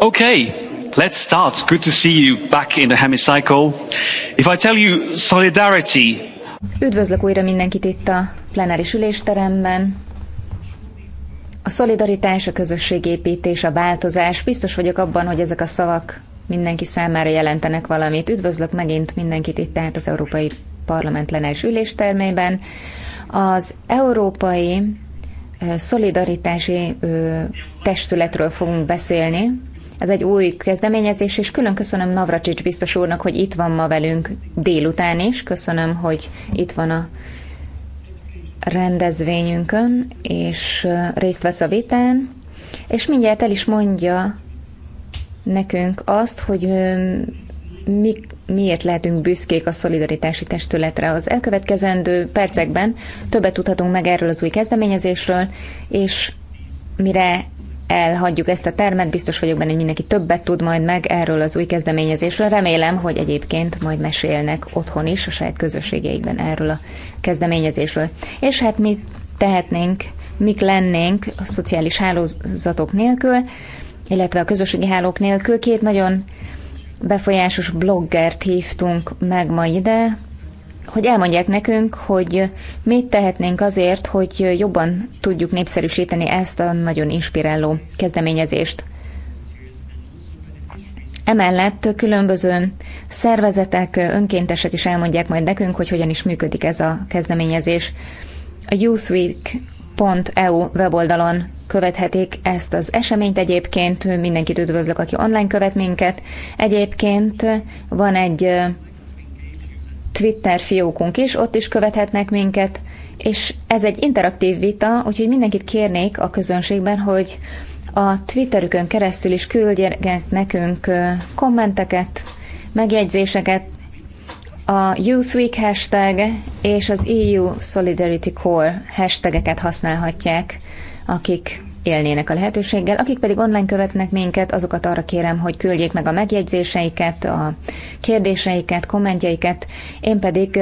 Okay, let's start. Good to see you back in the hemicycle. If I tell you solidarity... Üdvözlök újra mindenkit itt a plenáris ülésteremben. A szolidaritás, a közösségépítés, a változás, biztos vagyok abban, hogy ezek a szavak mindenki számára jelentenek valamit. Üdvözlök megint mindenkit itt tehát az Európai Parlament plenáris üléstermében. Az Európai Szolidaritási testületről fogunk beszélni. Ez egy új kezdeményezés, és külön köszönöm Navracsics biztos úrnak, hogy itt van ma velünk délután is. Köszönöm, hogy itt van a rendezvényünkön, és részt vesz a vitán, és mindjárt el is mondja nekünk azt, hogy mi, miért lehetünk büszkék a szolidaritási testületre. Az elkövetkezendő percekben többet tudhatunk meg erről az új kezdeményezésről, és mire elhagyjuk ezt a termet, biztos vagyok benne, hogy mindenki többet tud majd meg erről az új kezdeményezésről. Remélem, hogy egyébként majd mesélnek otthon is, a saját közösségeikben erről a kezdeményezésről. És hát mi tehetnénk, mik lennénk a szociális hálózatok nélkül, illetve a közösségi hálók nélkül. Két nagyon befolyásos bloggert hívtunk meg ma ide, hogy elmondják nekünk, hogy mit tehetnénk azért, hogy jobban tudjuk népszerűsíteni ezt a nagyon inspiráló kezdeményezést. Emellett különböző szervezetek, önkéntesek is elmondják majd nekünk, hogy hogyan is működik ez a kezdeményezés. A youthweek.eu weboldalon követhetik ezt az eseményt egyébként, mindenkit üdvözlök, aki online követ minket. Egyébként van egy Twitter fiókunk is, ott is követhetnek minket, és ez egy interaktív vita, úgyhogy mindenkit kérnék a közönségben, hogy a Twitterükön keresztül is küldjenek nekünk kommenteket, megjegyzéseket, a Youth Week hashtag és az EU Solidarity Core hashtageket használhatják, akik élnének a lehetőséggel. Akik pedig online követnek minket, azokat arra kérem, hogy küldjék meg a megjegyzéseiket, a kérdéseiket, kommentjeiket. Én pedig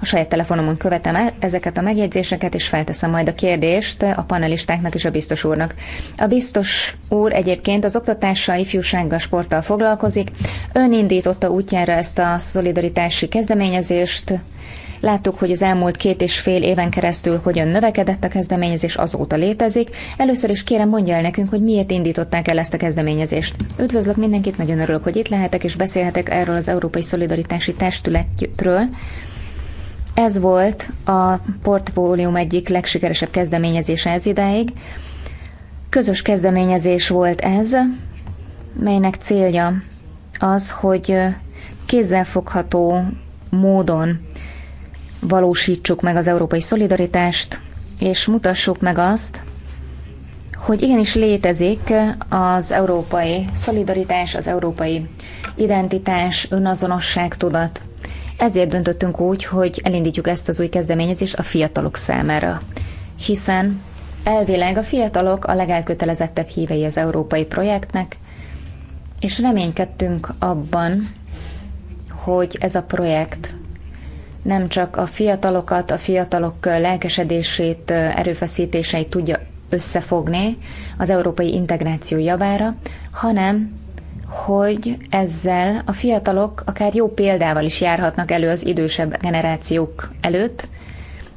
a saját telefonomon követem ezeket a megjegyzéseket, és felteszem majd a kérdést a panelistáknak és a biztos úrnak. A biztos úr egyébként az oktatással, ifjúsággal, sporttal foglalkozik. Ön indította útjára ezt a szolidaritási kezdeményezést, Láttuk, hogy az elmúlt két és fél éven keresztül hogyan növekedett a kezdeményezés, azóta létezik. Először is kérem mondja el nekünk, hogy miért indították el ezt a kezdeményezést. Üdvözlök mindenkit, nagyon örülök, hogy itt lehetek, és beszélhetek erről az Európai Szolidaritási Testületről. Ez volt a portfólium egyik legsikeresebb kezdeményezése ez idáig. Közös kezdeményezés volt ez, melynek célja az, hogy kézzelfogható módon valósítsuk meg az európai szolidaritást, és mutassuk meg azt, hogy igenis létezik az európai szolidaritás, az európai identitás, önazonosság, tudat. Ezért döntöttünk úgy, hogy elindítjuk ezt az új kezdeményezést a fiatalok számára. Hiszen elvileg a fiatalok a legelkötelezettebb hívei az európai projektnek, és reménykedtünk abban, hogy ez a projekt nem csak a fiatalokat, a fiatalok lelkesedését, erőfeszítéseit tudja összefogni az európai integráció javára, hanem hogy ezzel a fiatalok akár jó példával is járhatnak elő az idősebb generációk előtt,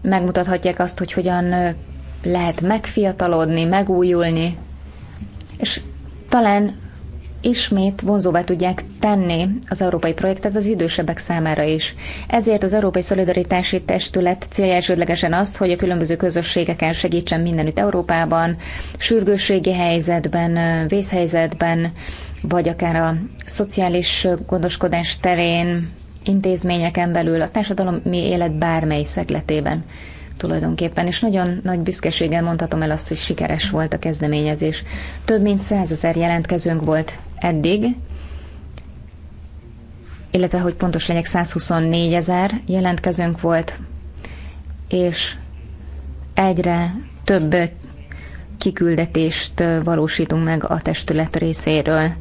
megmutathatják azt, hogy hogyan lehet megfiatalodni, megújulni, és talán ismét vonzóvá tudják tenni az európai projektet az idősebbek számára is. Ezért az Európai Szolidaritási Testület célja elsődlegesen az, hogy a különböző közösségeken segítsen mindenütt Európában, sürgősségi helyzetben, vészhelyzetben, vagy akár a szociális gondoskodás terén, intézményeken belül, a társadalmi élet bármely szegletében tulajdonképpen, és nagyon nagy büszkeséggel mondhatom el azt, hogy sikeres volt a kezdeményezés. Több mint százezer jelentkezőnk volt eddig, illetve hogy pontos legyek 124 ezer jelentkezőnk volt, és egyre több kiküldetést valósítunk meg a testület részéről.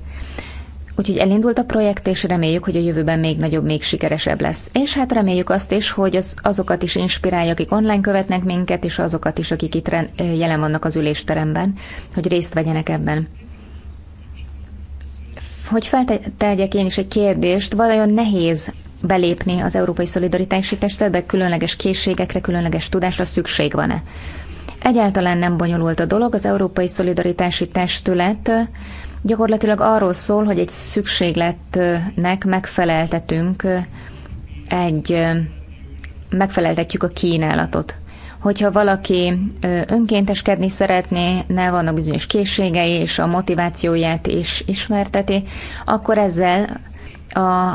Úgyhogy elindult a projekt, és reméljük, hogy a jövőben még nagyobb, még sikeresebb lesz. És hát reméljük azt is, hogy az, azokat is inspirálja, akik online követnek minket, és azokat is, akik itt jelen vannak az ülésteremben, hogy részt vegyenek ebben hogy feltegyek én is egy kérdést, valójában nehéz belépni az európai szolidaritási testületbe, különleges készségekre, különleges tudásra szükség van-e? Egyáltalán nem bonyolult a dolog, az európai szolidaritási testület gyakorlatilag arról szól, hogy egy szükségletnek megfeleltetünk egy megfeleltetjük a kínálatot. Hogyha valaki önkénteskedni szeretné, ne vannak bizonyos készségei, és a motivációját is ismerteti, akkor ezzel a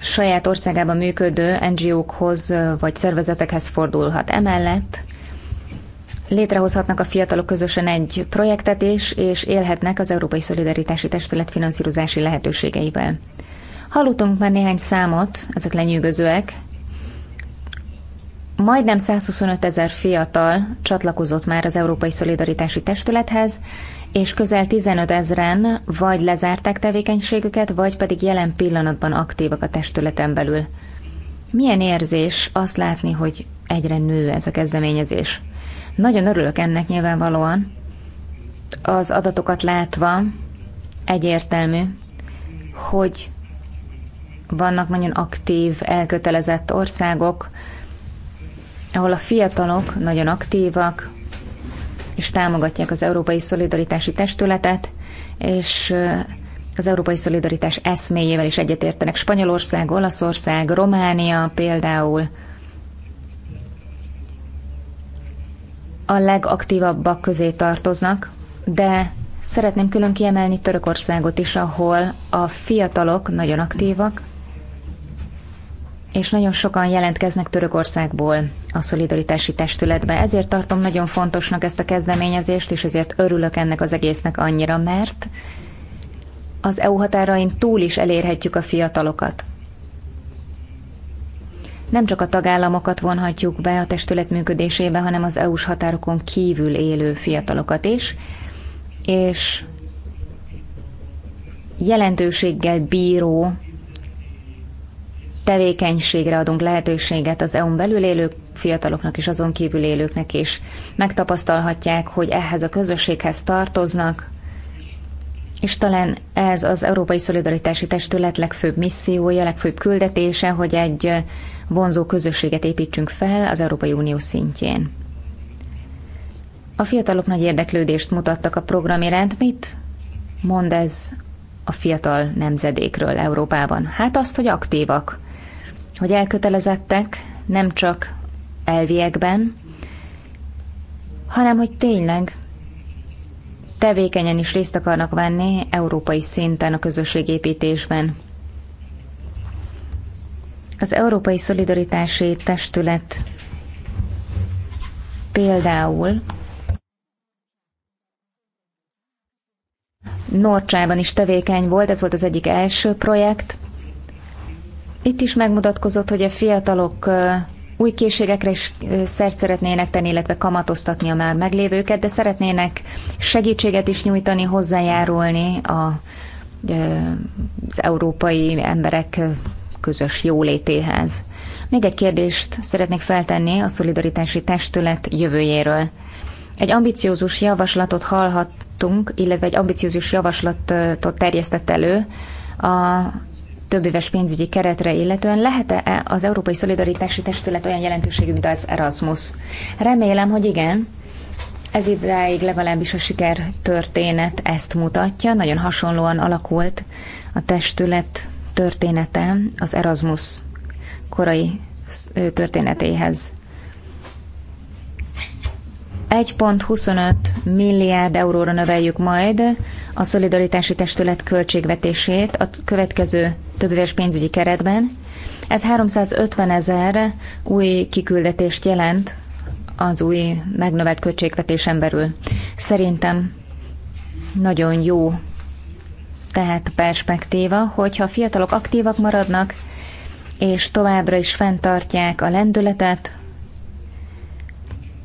saját országában működő NGO-khoz vagy szervezetekhez fordulhat. Emellett létrehozhatnak a fiatalok közösen egy projektet is, és élhetnek az Európai Szolidaritási Testület finanszírozási lehetőségeivel. Hallottunk már néhány számot, ezek lenyűgözőek, Majdnem 125 ezer fiatal csatlakozott már az Európai Szolidaritási Testülethez, és közel 15 ezeren vagy lezárták tevékenységüket, vagy pedig jelen pillanatban aktívak a testületen belül. Milyen érzés azt látni, hogy egyre nő ez a kezdeményezés? Nagyon örülök ennek nyilvánvalóan. Az adatokat látva egyértelmű, hogy vannak nagyon aktív, elkötelezett országok, ahol a fiatalok nagyon aktívak, és támogatják az Európai Szolidaritási Testületet, és az Európai Szolidaritás eszméjével is egyetértenek. Spanyolország, Olaszország, Románia például a legaktívabbak közé tartoznak, de szeretném külön kiemelni Törökországot is, ahol a fiatalok nagyon aktívak, és nagyon sokan jelentkeznek Törökországból a szolidaritási testületbe. Ezért tartom nagyon fontosnak ezt a kezdeményezést, és ezért örülök ennek az egésznek annyira, mert az EU határain túl is elérhetjük a fiatalokat. Nem csak a tagállamokat vonhatjuk be a testület működésébe, hanem az EU-s határokon kívül élő fiatalokat is, és jelentőséggel bíró tevékenységre adunk lehetőséget az EU-n belül élők fiataloknak és azon kívül élőknek is. Megtapasztalhatják, hogy ehhez a közösséghez tartoznak, és talán ez az Európai Szolidaritási Testület legfőbb missziója, legfőbb küldetése, hogy egy vonzó közösséget építsünk fel az Európai Unió szintjén. A fiatalok nagy érdeklődést mutattak a program iránt. Mit mond ez a fiatal nemzedékről Európában? Hát azt, hogy aktívak hogy elkötelezettek nem csak elviekben, hanem hogy tényleg tevékenyen is részt akarnak venni európai szinten a közösségépítésben. Az Európai Szolidaritási Testület például Norcsában is tevékeny volt, ez volt az egyik első projekt, itt is megmutatkozott, hogy a fiatalok új készségekre is szert szeretnének tenni, illetve kamatoztatni a már meglévőket, de szeretnének segítséget is nyújtani, hozzájárulni a, az európai emberek közös jólétéhez. Még egy kérdést szeretnék feltenni a szolidaritási testület jövőjéről. Egy ambiciózus javaslatot hallhattunk, illetve egy ambiciózus javaslatot terjesztett elő a több éves pénzügyi keretre illetően lehet-e az Európai Szolidaritási Testület olyan jelentőségű, mint az Erasmus? Remélem, hogy igen. Ez idáig legalábbis a siker történet ezt mutatja. Nagyon hasonlóan alakult a testület története az Erasmus korai történetéhez. 1.25 milliárd euróra növeljük majd a szolidaritási testület költségvetését a következő éves pénzügyi keretben. Ez 350 ezer új kiküldetést jelent az új megnövelt költségvetésen belül. Szerintem nagyon jó tehát perspektíva, hogyha a fiatalok aktívak maradnak, és továbbra is fenntartják a lendületet,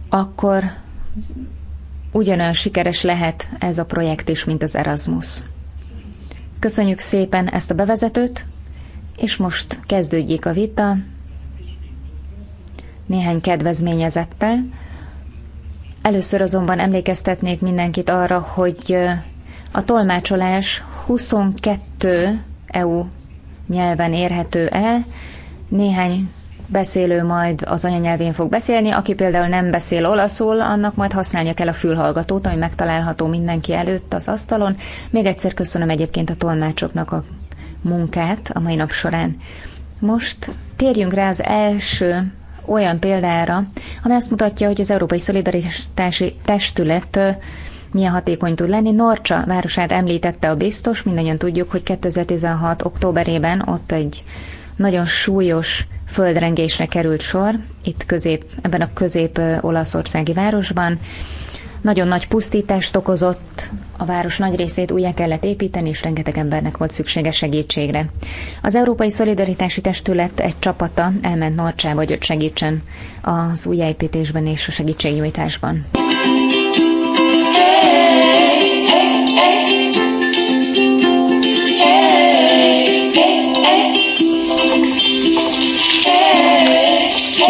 akkor ugyanolyan sikeres lehet ez a projekt is, mint az Erasmus. Köszönjük szépen ezt a bevezetőt, és most kezdődjék a vita néhány kedvezményezettel. Először azonban emlékeztetnék mindenkit arra, hogy a tolmácsolás 22 EU nyelven érhető el, néhány beszélő majd az anyanyelvén fog beszélni, aki például nem beszél olaszul, annak majd használnia kell a fülhallgatót, ami megtalálható mindenki előtt az asztalon. Még egyszer köszönöm egyébként a tolmácsoknak a munkát a mai nap során. Most térjünk rá az első olyan példára, ami azt mutatja, hogy az Európai Szolidaritási Testület milyen hatékony tud lenni. Norcsa városát említette a biztos, mindannyian tudjuk, hogy 2016. októberében ott egy nagyon súlyos földrengésre került sor, itt közép, ebben a közép-olaszországi városban. Nagyon nagy pusztítást okozott, a város nagy részét újjá kellett építeni, és rengeteg embernek volt szüksége segítségre. Az Európai Szolidaritási Testület egy csapata elment Norcsába, hogy ott segítsen az újjáépítésben és a segítségnyújtásban.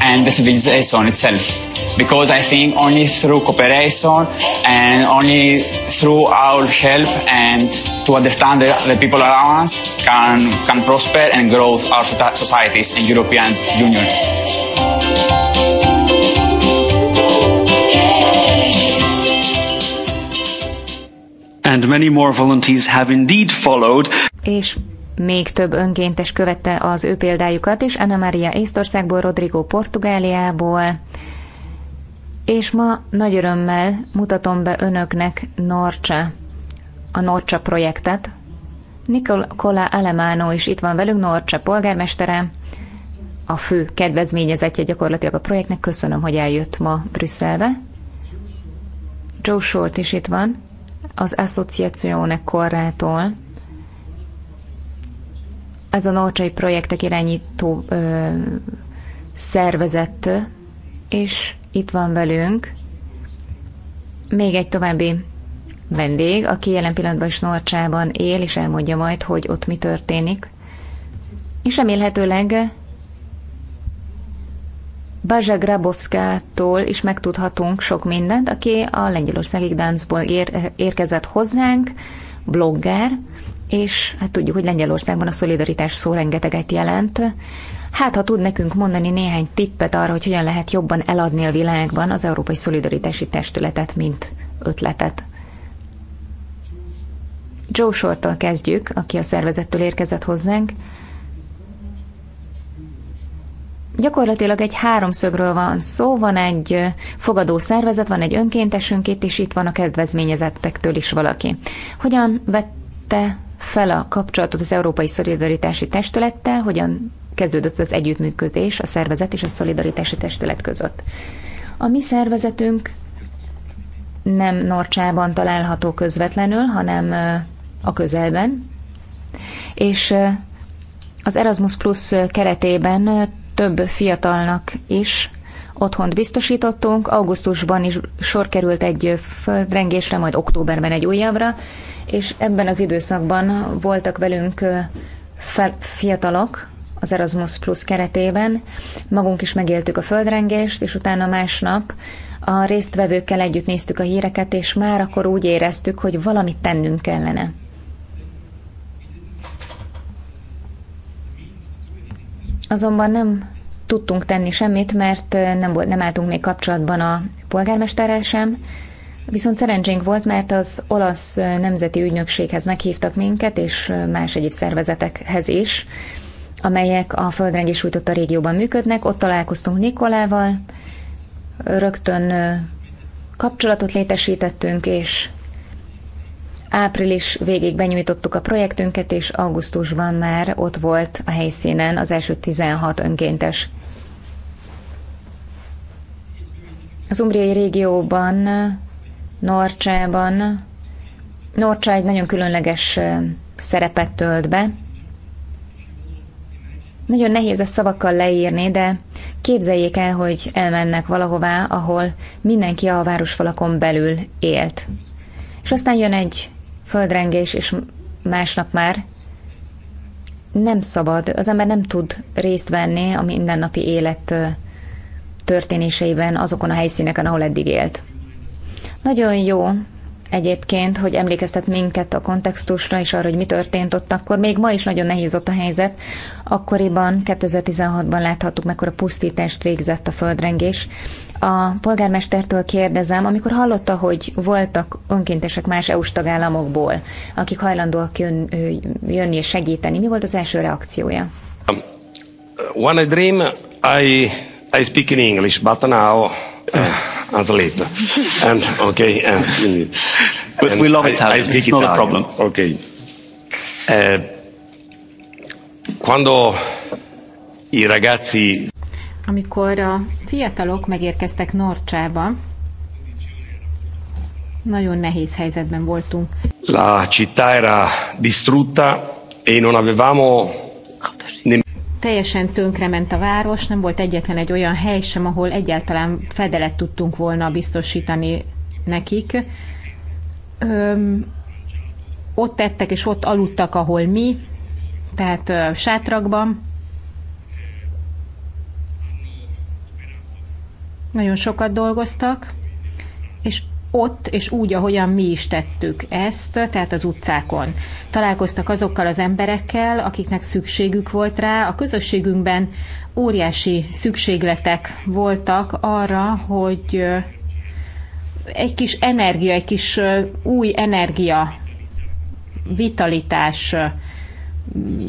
and the civilization itself. Because I think only through cooperation and only through our help and to understand the, the people around us can, can prosper and grow our societies and European Union. And many more volunteers have indeed followed. És még több önkéntes követte az ő példájukat is, Anna Maria Észtországból, Rodrigo Portugáliából, és ma nagy örömmel mutatom be önöknek Norcsa, a Norcsa projektet. Nikola Alemano is itt van velünk, Norcsa polgármestere, a fő kedvezményezetje gyakorlatilag a projektnek. Köszönöm, hogy eljött ma Brüsszelbe. Joe Short is itt van, az Associazione Corrától ez a Norcsai projektek irányító ö, szervezett, és itt van velünk még egy további vendég, aki jelen pillanatban is Norcsában él, és elmondja majd, hogy ott mi történik. És remélhetőleg Bazsa Grabowska-tól is megtudhatunk sok mindent, aki a Lengyelországi Gdańskból ér- érkezett hozzánk, blogger, és hát tudjuk, hogy Lengyelországban a szolidaritás szó rengeteget jelent. Hát, ha tud nekünk mondani néhány tippet arra, hogy hogyan lehet jobban eladni a világban az Európai Szolidaritási Testületet, mint ötletet. Joe Shorttal kezdjük, aki a szervezettől érkezett hozzánk. Gyakorlatilag egy háromszögről van szó, van egy fogadó szervezet, van egy önkéntesünk itt, és itt van a kedvezményezettektől is valaki. Hogyan vette fel a kapcsolatot az Európai Szolidaritási Testülettel, hogyan kezdődött az együttműködés a szervezet és a Szolidaritási Testület között. A mi szervezetünk nem Norcsában található közvetlenül, hanem a közelben, és az Erasmus Plus keretében több fiatalnak is otthont biztosítottunk, augusztusban is sor került egy földrengésre, majd októberben egy újabbra, és ebben az időszakban voltak velünk fiatalok az Erasmus Plus keretében, magunk is megéltük a földrengést, és utána másnap a résztvevőkkel együtt néztük a híreket, és már akkor úgy éreztük, hogy valamit tennünk kellene. Azonban nem tudtunk tenni semmit, mert nem, volt, nem álltunk még kapcsolatban a polgármesterrel sem, Viszont szerencsénk volt, mert az olasz nemzeti ügynökséghez meghívtak minket, és más egyéb szervezetekhez is, amelyek a földrengés sújtotta régióban működnek. Ott találkoztunk Nikolával, rögtön kapcsolatot létesítettünk, és április végig benyújtottuk a projektünket, és augusztusban már ott volt a helyszínen az első 16 önkéntes. Az umbriai régióban Norcsában. Norcsa egy nagyon különleges szerepet tölt be. Nagyon nehéz ezt szavakkal leírni, de képzeljék el, hogy elmennek valahová, ahol mindenki a városfalakon belül élt. És aztán jön egy földrengés, és másnap már nem szabad, az ember nem tud részt venni a mindennapi élet történéseiben azokon a helyszíneken, ahol eddig élt. Nagyon jó egyébként, hogy emlékeztet minket a kontextusra és arra, hogy mi történt ott akkor. Még ma is nagyon nehéz ott a helyzet. Akkoriban, 2016-ban láthattuk, mekkora pusztítást végzett a földrengés. A polgármestertől kérdezem, amikor hallotta, hogy voltak önkéntesek más EU-s tagállamokból, akik hajlandóak jön, jönni és segíteni, mi volt az első reakciója? When um, uh, I dream, I, I speak in English, but now uh, eh, Atleta. and okay, uh, but and we love Italian. I, I it's not Italian. a problem. Okay. Eh, quando i ragazzi amikor a fiatalok megérkeztek Norcsába, nagyon nehéz helyzetben voltunk. La città era distrutta e non avevamo teljesen tönkrement a város, nem volt egyetlen egy olyan hely sem, ahol egyáltalán fedelet tudtunk volna biztosítani nekik. Öm, ott tettek és ott aludtak, ahol mi, tehát ö, sátrakban. Nagyon sokat dolgoztak, és ott és úgy, ahogyan mi is tettük ezt, tehát az utcákon. Találkoztak azokkal az emberekkel, akiknek szükségük volt rá. A közösségünkben óriási szükségletek voltak arra, hogy egy kis energia, egy kis új energia, vitalitás,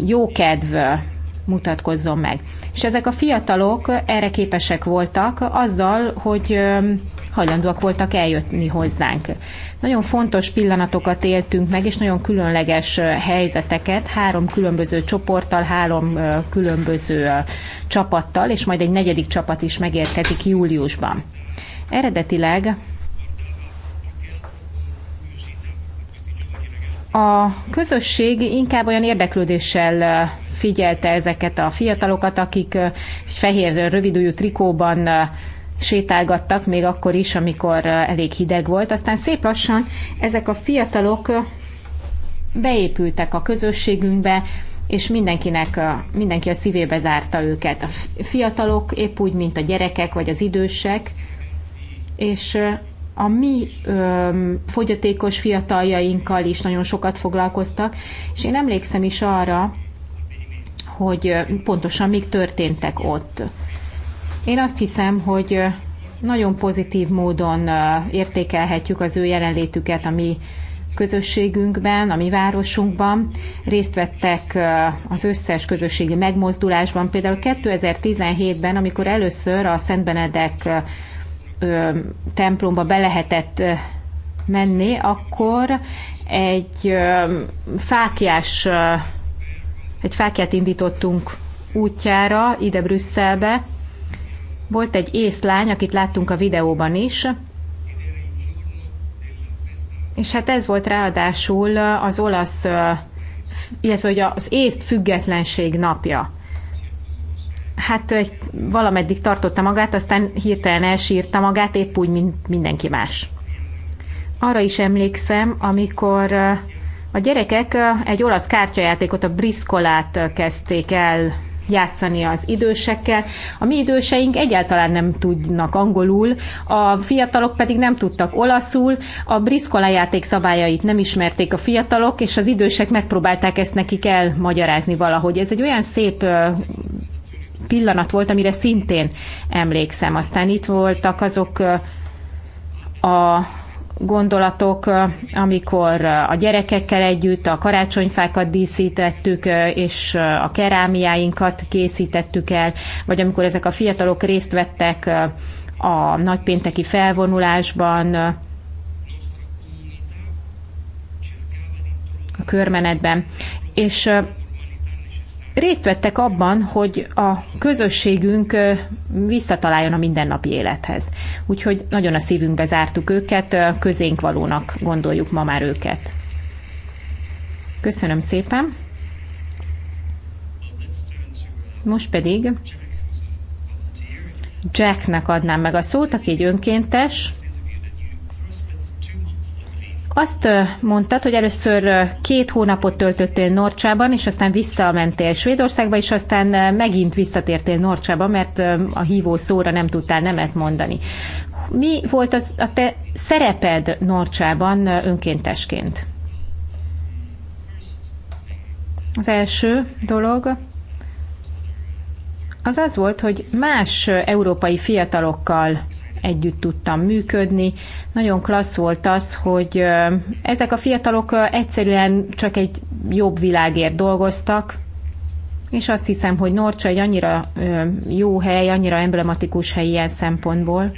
jókedv, mutatkozzon meg. És ezek a fiatalok erre képesek voltak azzal, hogy hajlandóak voltak eljönni hozzánk. Nagyon fontos pillanatokat éltünk meg, és nagyon különleges helyzeteket három különböző csoporttal, három különböző csapattal, és majd egy negyedik csapat is megérkezik júliusban. Eredetileg a közösség inkább olyan érdeklődéssel figyelte ezeket a fiatalokat, akik egy fehér rövidújú trikóban sétálgattak még akkor is, amikor elég hideg volt. Aztán szép lassan ezek a fiatalok beépültek a közösségünkbe, és mindenkinek, mindenki a szívébe zárta őket. A fiatalok épp úgy, mint a gyerekek vagy az idősek, és a mi ö, fogyatékos fiataljainkkal is nagyon sokat foglalkoztak, és én emlékszem is arra, hogy pontosan mik történtek ott. Én azt hiszem, hogy nagyon pozitív módon értékelhetjük az ő jelenlétüket a mi közösségünkben, a mi városunkban. Részt vettek az összes közösségi megmozdulásban. Például 2017-ben, amikor először a Szent Benedek templomba be lehetett menni, akkor egy fákjás egy fákját indítottunk útjára ide Brüsszelbe. Volt egy észlány, akit láttunk a videóban is, és hát ez volt ráadásul az olasz, illetve hogy az észt függetlenség napja. Hát egy, valameddig tartotta magát, aztán hirtelen elsírta magát, épp úgy, mint mindenki más. Arra is emlékszem, amikor a gyerekek egy olasz kártyajátékot, a briskolát kezdték el játszani az idősekkel. A mi időseink egyáltalán nem tudnak angolul, a fiatalok pedig nem tudtak olaszul, a briszkola játék szabályait nem ismerték a fiatalok, és az idősek megpróbálták ezt nekik elmagyarázni valahogy. Ez egy olyan szép pillanat volt, amire szintén emlékszem. Aztán itt voltak azok a gondolatok, amikor a gyerekekkel együtt a karácsonyfákat díszítettük, és a kerámiáinkat készítettük el, vagy amikor ezek a fiatalok részt vettek a nagypénteki felvonulásban, a körmenetben. És részt vettek abban, hogy a közösségünk visszataláljon a mindennapi élethez. Úgyhogy nagyon a szívünkbe zártuk őket, közénk valónak gondoljuk ma már őket. Köszönöm szépen. Most pedig Jacknek adnám meg a szót, aki egy önkéntes, azt mondtad, hogy először két hónapot töltöttél Norcsában, és aztán visszamentél Svédországba, és aztán megint visszatértél Norcsába, mert a hívó szóra nem tudtál nemet mondani. Mi volt az, a te szereped Norcsában önkéntesként? Az első dolog az az volt, hogy más európai fiatalokkal együtt tudtam működni. Nagyon klassz volt az, hogy ezek a fiatalok egyszerűen csak egy jobb világért dolgoztak, és azt hiszem, hogy Norcsa egy annyira jó hely, annyira emblematikus hely ilyen szempontból.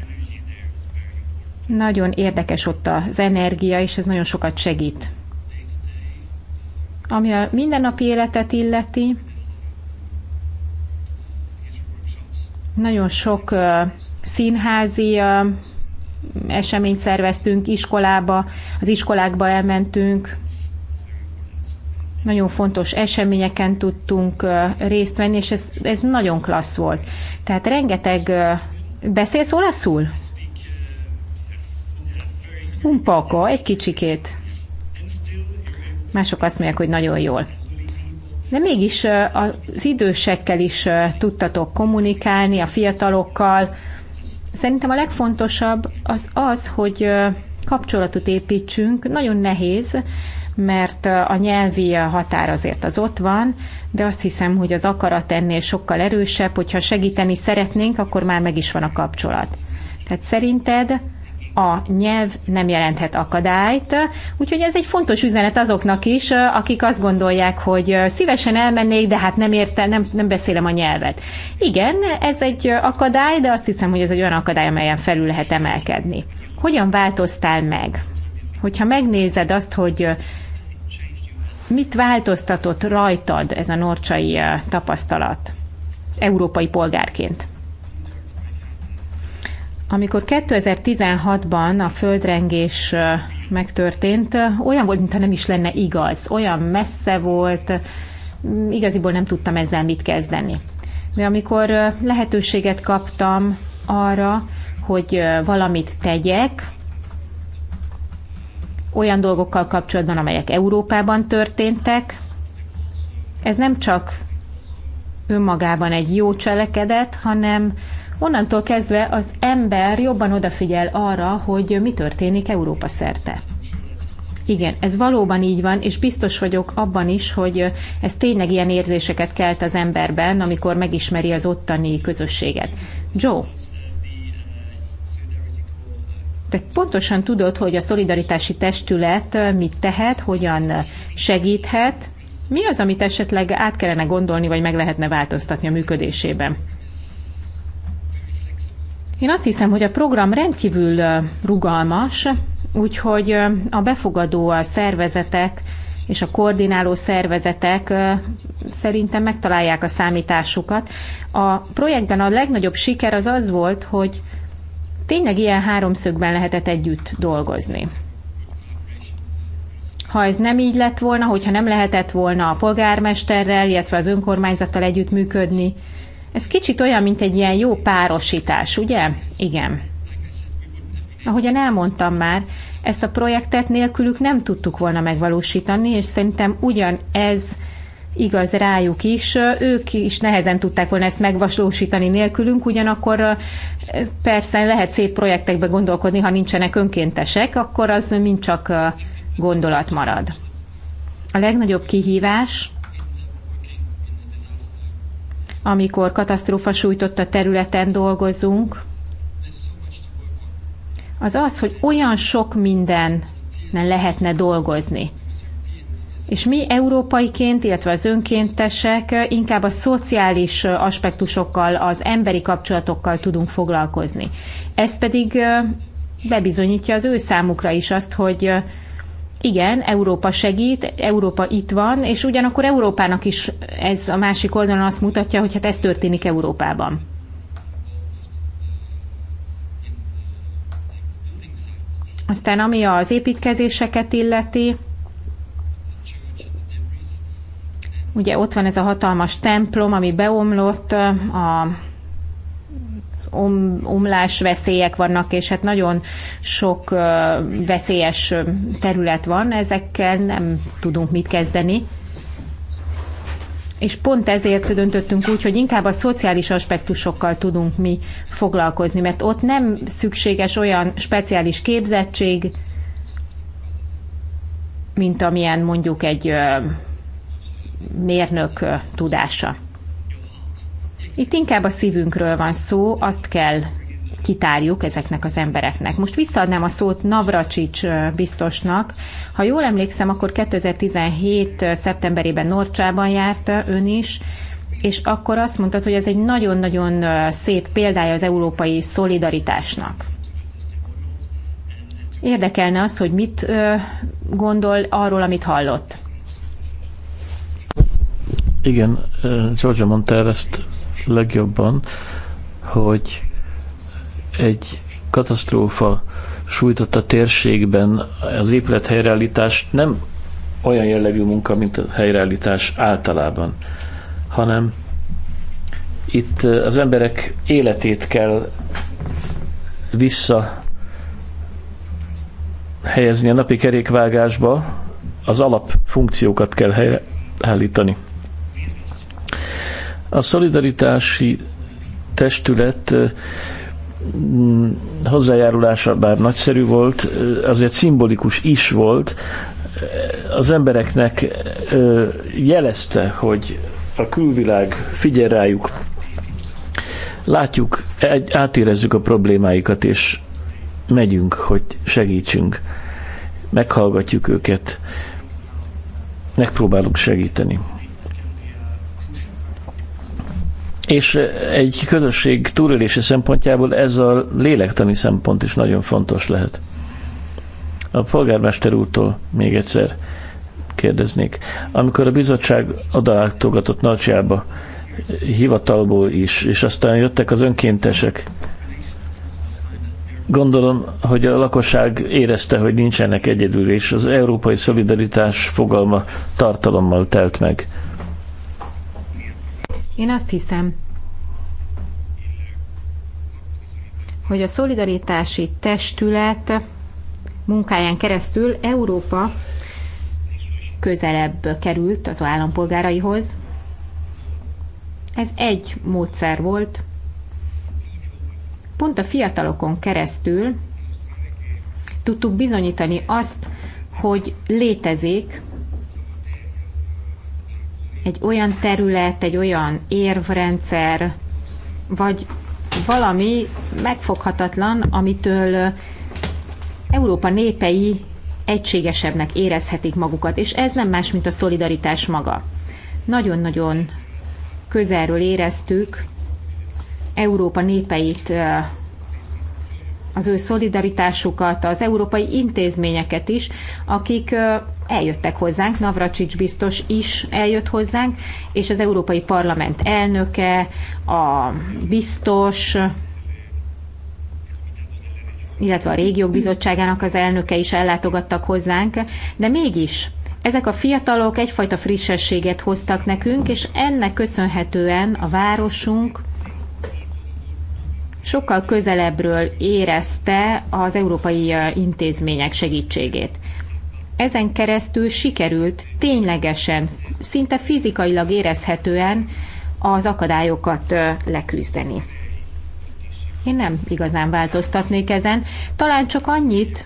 Nagyon érdekes ott az energia, és ez nagyon sokat segít. Ami a mindennapi életet illeti, nagyon sok színházi eseményt szerveztünk, iskolába, az iskolákba elmentünk, nagyon fontos eseményeken tudtunk részt venni, és ez, ez nagyon klassz volt. Tehát rengeteg... Beszélsz olaszul? Un poco, egy kicsikét. Mások azt mondják, hogy nagyon jól. De mégis az idősekkel is tudtatok kommunikálni, a fiatalokkal, Szerintem a legfontosabb az az, hogy kapcsolatot építsünk. Nagyon nehéz, mert a nyelvi határ azért az ott van, de azt hiszem, hogy az akarat ennél sokkal erősebb, hogyha segíteni szeretnénk, akkor már meg is van a kapcsolat. Tehát szerinted a nyelv nem jelenthet akadályt, úgyhogy ez egy fontos üzenet azoknak is, akik azt gondolják, hogy szívesen elmennék, de hát nem értem, nem, nem beszélem a nyelvet. Igen, ez egy akadály, de azt hiszem, hogy ez egy olyan akadály, amelyen felül lehet emelkedni. Hogyan változtál meg? Hogyha megnézed azt, hogy mit változtatott rajtad ez a norcsai tapasztalat európai polgárként? Amikor 2016-ban a földrengés megtörtént, olyan volt, mintha nem is lenne igaz. Olyan messze volt, mm, igaziból nem tudtam ezzel mit kezdeni. De amikor lehetőséget kaptam arra, hogy valamit tegyek, olyan dolgokkal kapcsolatban, amelyek Európában történtek, ez nem csak önmagában egy jó cselekedet, hanem onnantól kezdve az ember jobban odafigyel arra, hogy mi történik Európa szerte. Igen, ez valóban így van, és biztos vagyok abban is, hogy ez tényleg ilyen érzéseket kelt az emberben, amikor megismeri az ottani közösséget. Joe, te pontosan tudod, hogy a szolidaritási testület mit tehet, hogyan segíthet, mi az, amit esetleg át kellene gondolni, vagy meg lehetne változtatni a működésében? Én azt hiszem, hogy a program rendkívül rugalmas, úgyhogy a befogadó szervezetek és a koordináló szervezetek szerintem megtalálják a számításukat. A projektben a legnagyobb siker az az volt, hogy tényleg ilyen háromszögben lehetett együtt dolgozni. Ha ez nem így lett volna, hogyha nem lehetett volna a polgármesterrel, illetve az önkormányzattal együtt működni, ez kicsit olyan, mint egy ilyen jó párosítás, ugye? Igen. Ahogyan elmondtam már, ezt a projektet nélkülük nem tudtuk volna megvalósítani, és szerintem ugyan ez igaz rájuk is. Ők is nehezen tudták volna ezt megvalósítani nélkülünk, ugyanakkor persze lehet szép projektekbe gondolkodni, ha nincsenek önkéntesek, akkor az mind csak gondolat marad. A legnagyobb kihívás amikor katasztrófa sújtotta területen dolgozunk, az az, hogy olyan sok minden nem lehetne dolgozni. És mi európaiként, illetve az önkéntesek inkább a szociális aspektusokkal, az emberi kapcsolatokkal tudunk foglalkozni. Ez pedig bebizonyítja az ő számukra is azt, hogy igen, Európa segít, Európa itt van, és ugyanakkor Európának is ez a másik oldalon azt mutatja, hogy hát ez történik Európában. Aztán ami az építkezéseket illeti, ugye ott van ez a hatalmas templom, ami beomlott a Hát om, omlás veszélyek vannak, és hát nagyon sok veszélyes terület van, ezekkel nem tudunk mit kezdeni. És pont ezért döntöttünk úgy, hogy inkább a szociális aspektusokkal tudunk mi foglalkozni, mert ott nem szükséges olyan speciális képzettség, mint amilyen mondjuk egy mérnök tudása. Itt inkább a szívünkről van szó, azt kell kitárjuk ezeknek az embereknek. Most visszaadnám a szót Navracsics biztosnak. Ha jól emlékszem, akkor 2017. szeptemberében Norcsában járt ön is, és akkor azt mondtad, hogy ez egy nagyon-nagyon szép példája az európai szolidaritásnak. Érdekelne az, hogy mit gondol arról, amit hallott. Igen, Georgia mondta ezt legjobban, hogy egy katasztrófa sújtotta térségben az épület helyreállítás nem olyan jellegű munka, mint a helyreállítás általában, hanem itt az emberek életét kell vissza helyezni a napi kerékvágásba, az alapfunkciókat kell helyreállítani. A szolidaritási testület hozzájárulása bár nagyszerű volt, azért szimbolikus is volt. Az embereknek jelezte, hogy a külvilág figyel rájuk, látjuk, átérezzük a problémáikat, és megyünk, hogy segítsünk, meghallgatjuk őket, megpróbálunk segíteni. És egy közösség túlélési szempontjából ez a lélektani szempont is nagyon fontos lehet. A polgármester úrtól még egyszer kérdeznék. Amikor a bizottság odalátogatott Nagyjába, hivatalból is, és aztán jöttek az önkéntesek, gondolom, hogy a lakosság érezte, hogy nincsenek egyedül, és az európai szolidaritás fogalma tartalommal telt meg. Én azt hiszem, hogy a szolidaritási testület munkáján keresztül Európa közelebb került az állampolgáraihoz. Ez egy módszer volt. Pont a fiatalokon keresztül tudtuk bizonyítani azt, hogy létezik egy olyan terület, egy olyan érvrendszer, vagy valami megfoghatatlan, amitől Európa népei egységesebbnek érezhetik magukat, és ez nem más, mint a szolidaritás maga. Nagyon-nagyon közelről éreztük Európa népeit az ő szolidaritásukat, az európai intézményeket is, akik eljöttek hozzánk, Navracsics biztos is eljött hozzánk, és az Európai Parlament elnöke, a biztos, illetve a régiók bizottságának az elnöke is ellátogattak hozzánk, de mégis ezek a fiatalok egyfajta frissességet hoztak nekünk, és ennek köszönhetően a városunk sokkal közelebbről érezte az európai intézmények segítségét. Ezen keresztül sikerült ténylegesen, szinte fizikailag érezhetően az akadályokat leküzdeni. Én nem igazán változtatnék ezen. Talán csak annyit,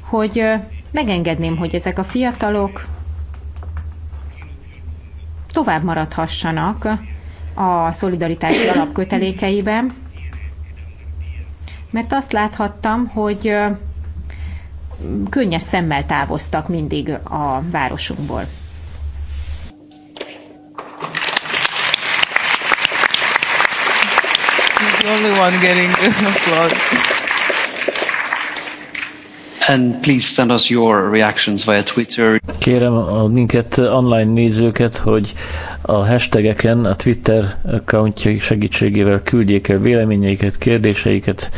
hogy megengedném, hogy ezek a fiatalok tovább maradhassanak a szolidaritási alapkötelékeiben, mert azt láthattam, hogy könnyes szemmel távoztak mindig a városunkból. The only one getting And please send us your reactions via Twitter. Kérem a minket online nézőket, hogy a hashtageken, a Twitter accountjai segítségével küldjék el véleményeiket, kérdéseiket,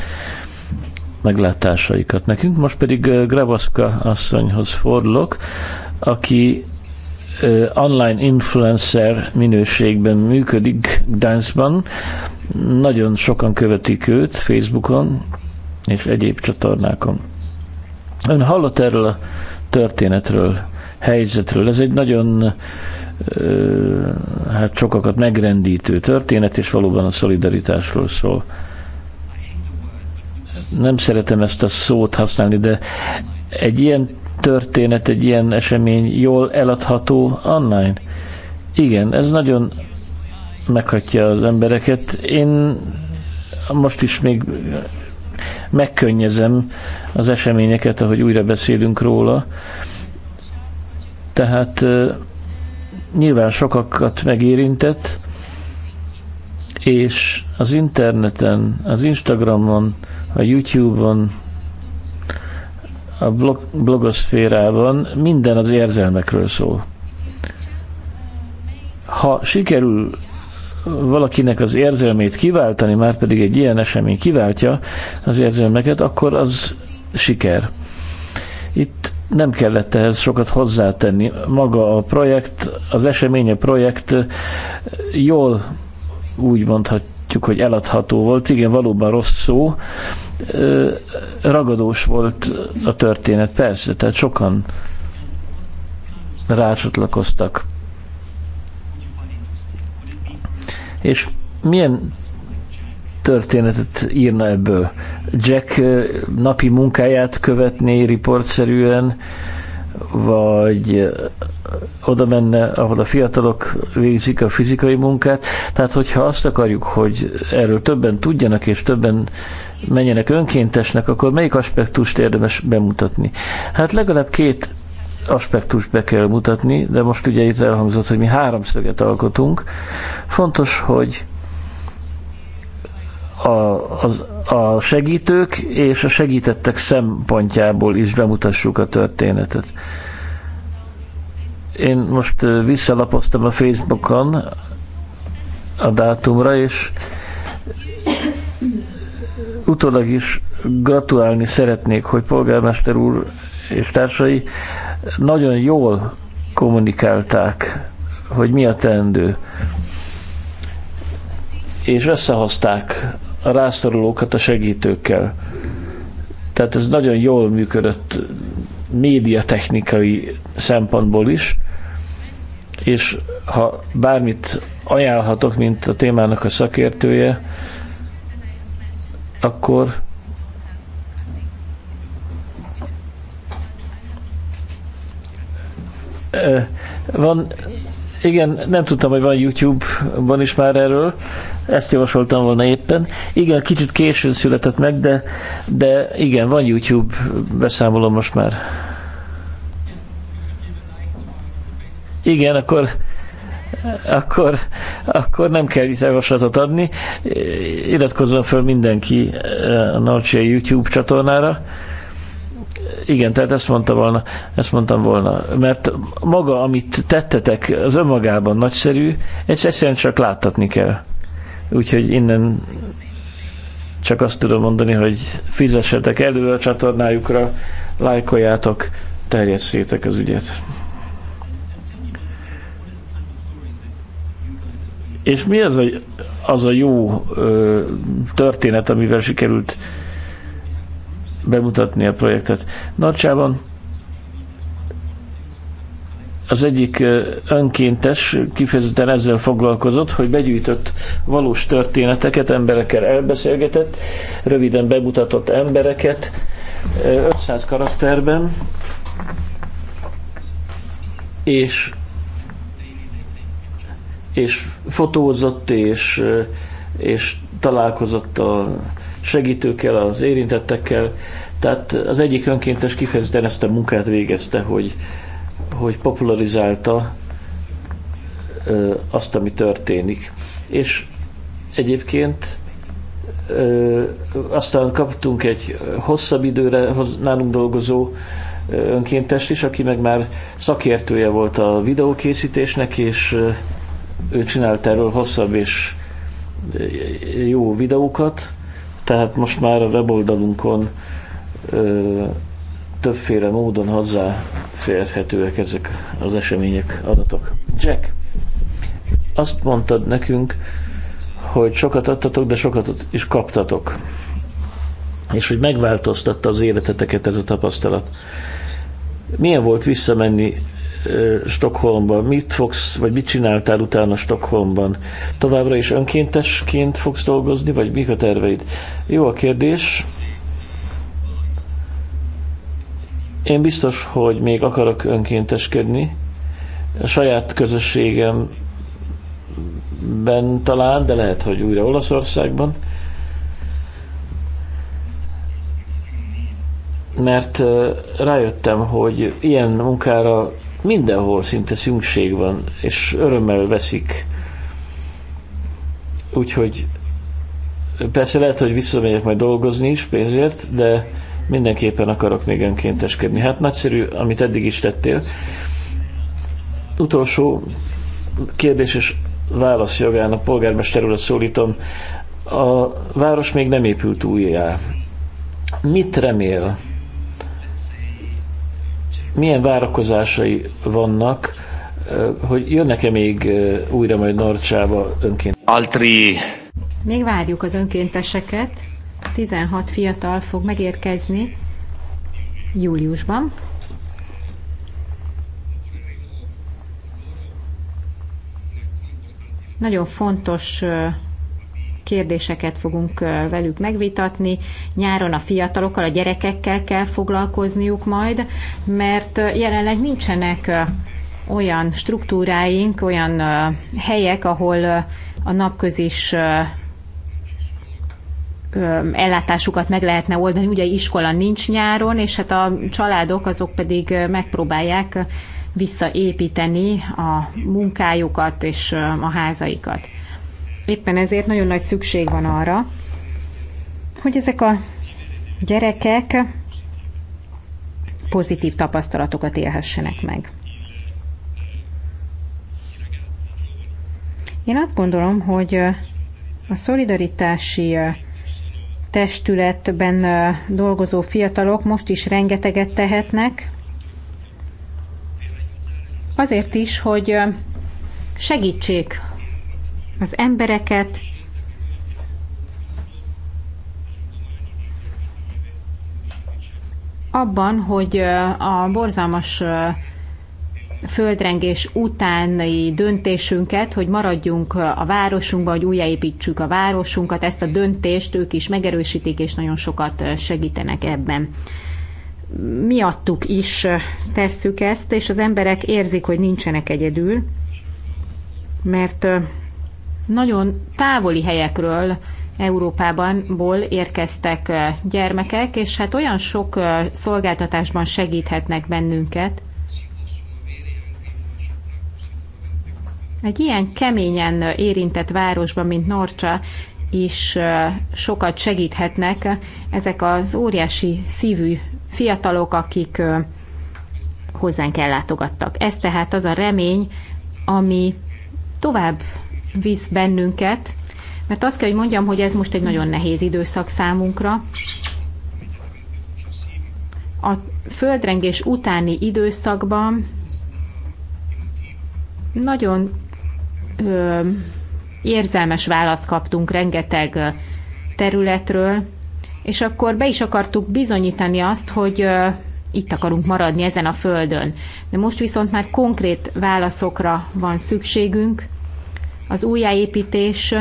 meglátásaikat. Nekünk most pedig Grabaszka asszonyhoz fordulok, aki online influencer minőségben működik Gdanskban. Nagyon sokan követik őt Facebookon és egyéb csatornákon. Ön hallott erről a történetről, helyzetről. Ez egy nagyon hát sokakat megrendítő történet, és valóban a szolidaritásról szól. Nem szeretem ezt a szót használni, de egy ilyen történet, egy ilyen esemény jól eladható online? Igen, ez nagyon meghatja az embereket. Én most is még megkönnyezem az eseményeket, ahogy újra beszélünk róla. Tehát nyilván sokakat megérintett, és az interneten, az Instagramon, a YouTube-on, a blog, blogoszférában minden az érzelmekről szól. Ha sikerül valakinek az érzelmét kiváltani, már pedig egy ilyen esemény kiváltja az érzelmeket, akkor az siker nem kellett ehhez sokat hozzátenni. Maga a projekt, az eseménye projekt jól úgy mondhatjuk, hogy eladható volt. Igen, valóban rossz szó. Ragadós volt a történet, persze, tehát sokan rácsatlakoztak. És milyen történetet írna ebből. Jack napi munkáját követné riportszerűen, vagy oda menne, ahol a fiatalok végzik a fizikai munkát. Tehát, hogyha azt akarjuk, hogy erről többen tudjanak, és többen menjenek önkéntesnek, akkor melyik aspektust érdemes bemutatni? Hát legalább két aspektust be kell mutatni, de most ugye itt elhangzott, hogy mi háromszöget alkotunk. Fontos, hogy a, a, a segítők és a segítettek szempontjából is bemutassuk a történetet. Én most visszalapoztam a Facebookon a dátumra, és utólag is gratulálni szeretnék, hogy polgármester úr és társai nagyon jól kommunikálták, hogy mi a teendő. És összehozták a rászorulókat a segítőkkel. Tehát ez nagyon jól működött médiatechnikai szempontból is, és ha bármit ajánlhatok, mint a témának a szakértője, akkor van igen, nem tudtam, hogy van YouTube-ban is már erről. Ezt javasoltam volna éppen. Igen, kicsit későn született meg, de, de igen, van YouTube, beszámolom most már. Igen, akkor akkor, akkor nem kell itt javaslatot adni. Iratkozzon föl mindenki eh, a Narcsia YouTube csatornára. Igen, tehát ezt mondtam volna, ezt mondtam volna, mert maga, amit tettetek, az önmagában nagyszerű, ezt egyszerűen csak láttatni kell. Úgyhogy innen csak azt tudom mondani, hogy fizessetek elő a csatornájukra, lájkoljátok, terjesszétek az ügyet. És mi az a, az a jó ö, történet, amivel sikerült bemutatni a projektet. Narcsában az egyik önkéntes kifejezetten ezzel foglalkozott, hogy begyűjtött valós történeteket, emberekkel elbeszélgetett, röviden bemutatott embereket, 500 karakterben, és, és fotózott, és, és találkozott a segítőkkel, az érintettekkel. Tehát az egyik önkéntes kifejezetten ezt a munkát végezte, hogy, hogy popularizálta ö, azt, ami történik. És egyébként ö, aztán kaptunk egy hosszabb időre nálunk dolgozó önkéntest is, aki meg már szakértője volt a videókészítésnek, és ő csinált erről hosszabb és jó videókat, tehát most már a weboldalunkon ö, többféle módon hozzáférhetőek ezek az események, adatok. Jack, azt mondtad nekünk, hogy sokat adtatok, de sokat is kaptatok. És hogy megváltoztatta az életeteket ez a tapasztalat. Milyen volt visszamenni Stockholmban? Mit fogsz, vagy mit csináltál utána Stockholmban? Továbbra is önkéntesként fogsz dolgozni, vagy mik a terveid? Jó a kérdés. Én biztos, hogy még akarok önkénteskedni. A saját közösségemben talán, de lehet, hogy újra Olaszországban. mert rájöttem, hogy ilyen munkára mindenhol szinte szükség van, és örömmel veszik. Úgyhogy persze lehet, hogy visszamegyek majd dolgozni is pénzért, de mindenképpen akarok még önkénteskedni. Hát nagyszerű, amit eddig is tettél. Utolsó kérdés és válasz jogán a polgármester urat szólítom. A város még nem épült újjá. Mit remél? milyen várakozásai vannak, hogy jönnek-e még újra majd Norcsába önként? Altri! Még várjuk az önkénteseket. 16 fiatal fog megérkezni júliusban. Nagyon fontos kérdéseket fogunk velük megvitatni. Nyáron a fiatalokkal, a gyerekekkel kell foglalkozniuk majd, mert jelenleg nincsenek olyan struktúráink, olyan helyek, ahol a napközis ellátásukat meg lehetne oldani. Ugye iskola nincs nyáron, és hát a családok azok pedig megpróbálják visszaépíteni a munkájukat és a házaikat. Éppen ezért nagyon nagy szükség van arra, hogy ezek a gyerekek pozitív tapasztalatokat élhessenek meg. Én azt gondolom, hogy a szolidaritási testületben dolgozó fiatalok most is rengeteget tehetnek, azért is, hogy segítsék az embereket, abban, hogy a borzalmas földrengés utáni döntésünket, hogy maradjunk a városunkban, hogy újjáépítsük a városunkat, ezt a döntést ők is megerősítik, és nagyon sokat segítenek ebben. Miattuk is tesszük ezt, és az emberek érzik, hogy nincsenek egyedül, mert nagyon távoli helyekről ból érkeztek gyermekek, és hát olyan sok szolgáltatásban segíthetnek bennünket. Egy ilyen keményen érintett városban, mint Norcsa, is sokat segíthetnek ezek az óriási szívű fiatalok, akik hozzánk ellátogattak. Ez tehát az a remény, ami tovább visz bennünket, mert azt kell, hogy mondjam, hogy ez most egy nagyon nehéz időszak számunkra. A földrengés utáni időszakban nagyon ö, érzelmes választ kaptunk rengeteg területről, és akkor be is akartuk bizonyítani azt, hogy ö, itt akarunk maradni ezen a földön. De most viszont már konkrét válaszokra van szükségünk, az újjáépítés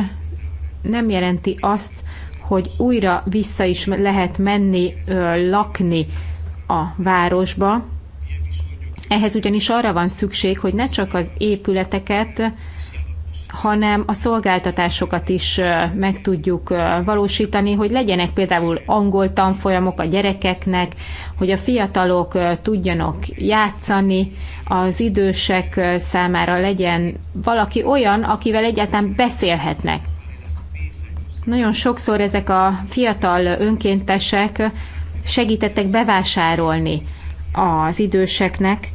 nem jelenti azt, hogy újra vissza is lehet menni lakni a városba. Ehhez ugyanis arra van szükség, hogy ne csak az épületeket, hanem a szolgáltatásokat is meg tudjuk valósítani, hogy legyenek például angol tanfolyamok a gyerekeknek, hogy a fiatalok tudjanak játszani, az idősek számára legyen valaki olyan, akivel egyáltalán beszélhetnek. Nagyon sokszor ezek a fiatal önkéntesek segítettek bevásárolni az időseknek,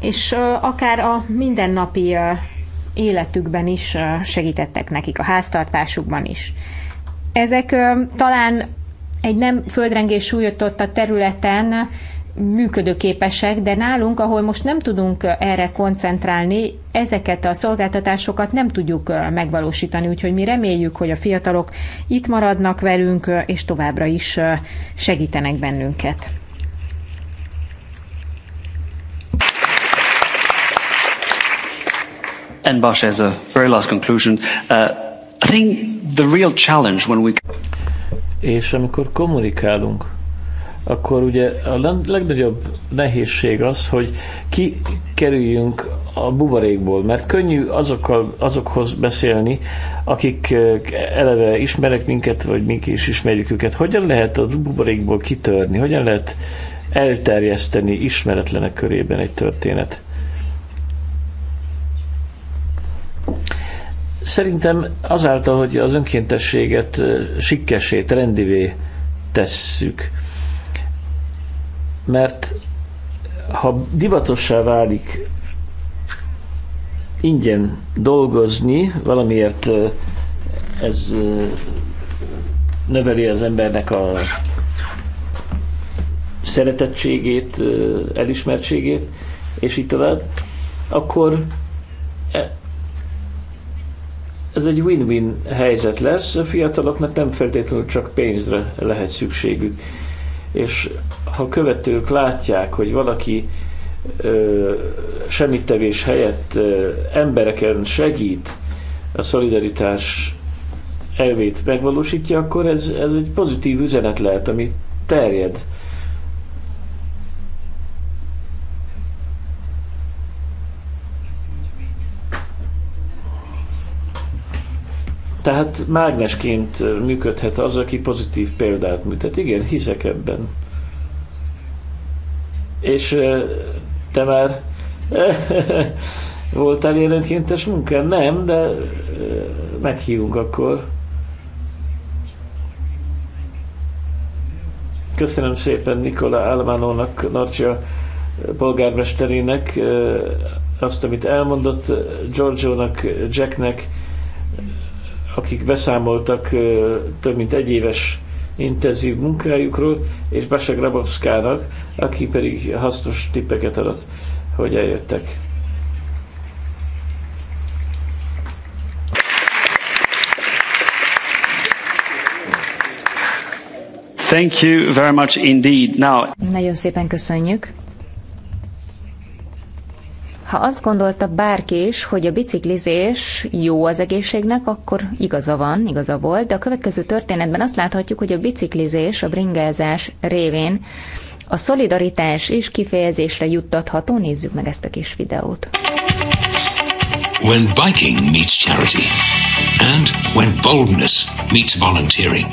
és akár a mindennapi életükben is segítettek nekik, a háztartásukban is. Ezek talán egy nem földrengés a területen működőképesek, de nálunk, ahol most nem tudunk erre koncentrálni, ezeket a szolgáltatásokat nem tudjuk megvalósítani, úgyhogy mi reméljük, hogy a fiatalok itt maradnak velünk, és továbbra is segítenek bennünket. and Bosch as a very last conclusion, uh, I think the real challenge when we... És amikor kommunikálunk, akkor ugye a legnagyobb nehézség az, hogy ki kerüljünk a buborékból, mert könnyű azokkal, azokhoz beszélni, akik uh, eleve ismerek minket, vagy mink is ismerjük őket. Hogyan lehet a buborékból kitörni? Hogyan lehet elterjeszteni ismeretlenek körében egy történet? Szerintem azáltal, hogy az önkéntességet sikkesé, trendivé tesszük, mert ha divatossá válik ingyen dolgozni, valamiért ez növeli az embernek a szeretettségét, elismertségét, és így tovább, akkor e- ez egy win-win helyzet lesz, a fiataloknak nem feltétlenül csak pénzre lehet szükségük. És ha követők látják, hogy valaki ö, semmittevés helyett ö, embereken segít, a szolidaritás elvét megvalósítja, akkor ez, ez egy pozitív üzenet lehet, ami terjed Tehát mágnesként működhet az, aki pozitív példát műtet. Igen, hiszek ebben. És te már voltál ilyen önkéntes munkán? Nem, de meghívunk akkor. Köszönöm szépen Nikola Álmánónak, Narcsia polgármesterének azt, amit elmondott Giorgio-nak, Jacknek, akik beszámoltak több mint egy éves intenzív munkájukról, és Basa Grabowskának, aki pedig hasznos tippeket adott, hogy eljöttek. Thank you very much indeed. Now. Nagyon szépen köszönjük. Ha azt gondolta bárki is, hogy a biciklizés jó az egészségnek, akkor igaza van, igaza volt, de a következő történetben azt láthatjuk, hogy a biciklizés, a bringázás révén a szolidaritás is kifejezésre juttatható. Nézzük meg ezt a kis videót. When biking meets charity, and when boldness meets volunteering,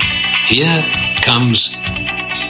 here comes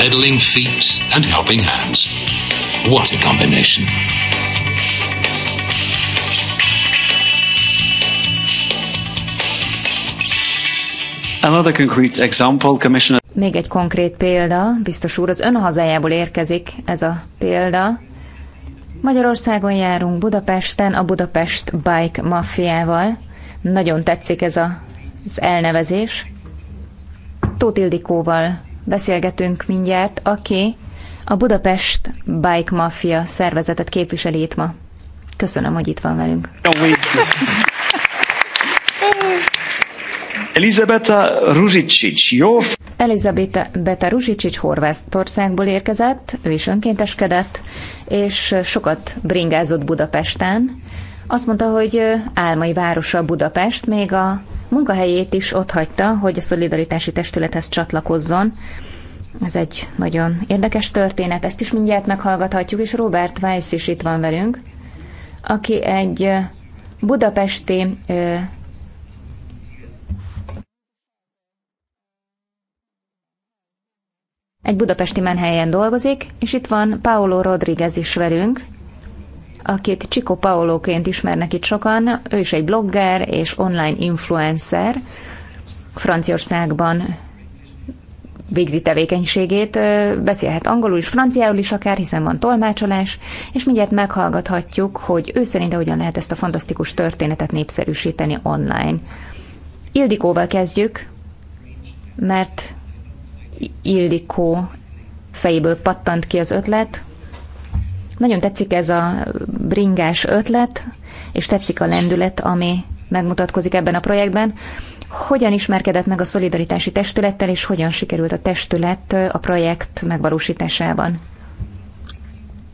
pedaling feet, and helping hands. What a combination! Another concrete example, Commissioner. Még egy konkrét példa, biztos úr, az ön hazájából érkezik ez a példa. Magyarországon járunk Budapesten a Budapest Bike Mafiával. Nagyon tetszik ez a, az elnevezés. Tóth Ildikóval beszélgetünk mindjárt, aki a Budapest Bike Mafia szervezetet képviseli itt ma. Köszönöm, hogy itt van velünk. Elizabeta Ruzicic, jó? Elizabeta Beta Ruzicic Horvátországból érkezett, ő is önkénteskedett, és sokat bringázott Budapesten. Azt mondta, hogy álmai városa Budapest, még a munkahelyét is hagyta, hogy a szolidaritási testülethez csatlakozzon. Ez egy nagyon érdekes történet, ezt is mindjárt meghallgathatjuk, és Robert Weiss is itt van velünk, aki egy budapesti egy budapesti menhelyen dolgozik, és itt van Paolo Rodriguez is velünk, akit Csiko Paolóként ismernek itt sokan. Ő is egy blogger és online influencer. Franciaországban végzi tevékenységét, beszélhet angolul is, franciául is akár, hiszen van tolmácsolás, és mindjárt meghallgathatjuk, hogy ő szerinte hogyan lehet ezt a fantasztikus történetet népszerűsíteni online. Ildikóval kezdjük, mert Ildikó fejéből pattant ki az ötlet, nagyon tetszik ez a bringás ötlet, és tetszik a lendület, ami megmutatkozik ebben a projektben. Hogyan ismerkedett meg a szolidaritási testülettel, és hogyan sikerült a testület a projekt megvalósításában?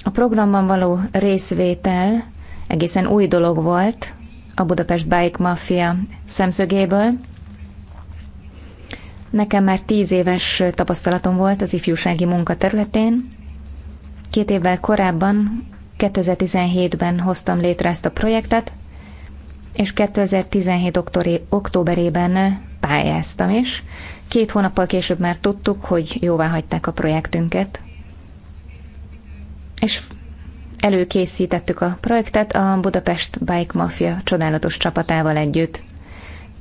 A programban való részvétel egészen új dolog volt a Budapest Bike Mafia szemszögéből. Nekem már tíz éves tapasztalatom volt az ifjúsági munka területén, Két évvel korábban, 2017-ben hoztam létre ezt a projektet, és 2017 oktori, októberében pályáztam is. Két hónappal később már tudtuk, hogy jóvá hagyták a projektünket. És előkészítettük a projektet a Budapest Bike Mafia csodálatos csapatával együtt.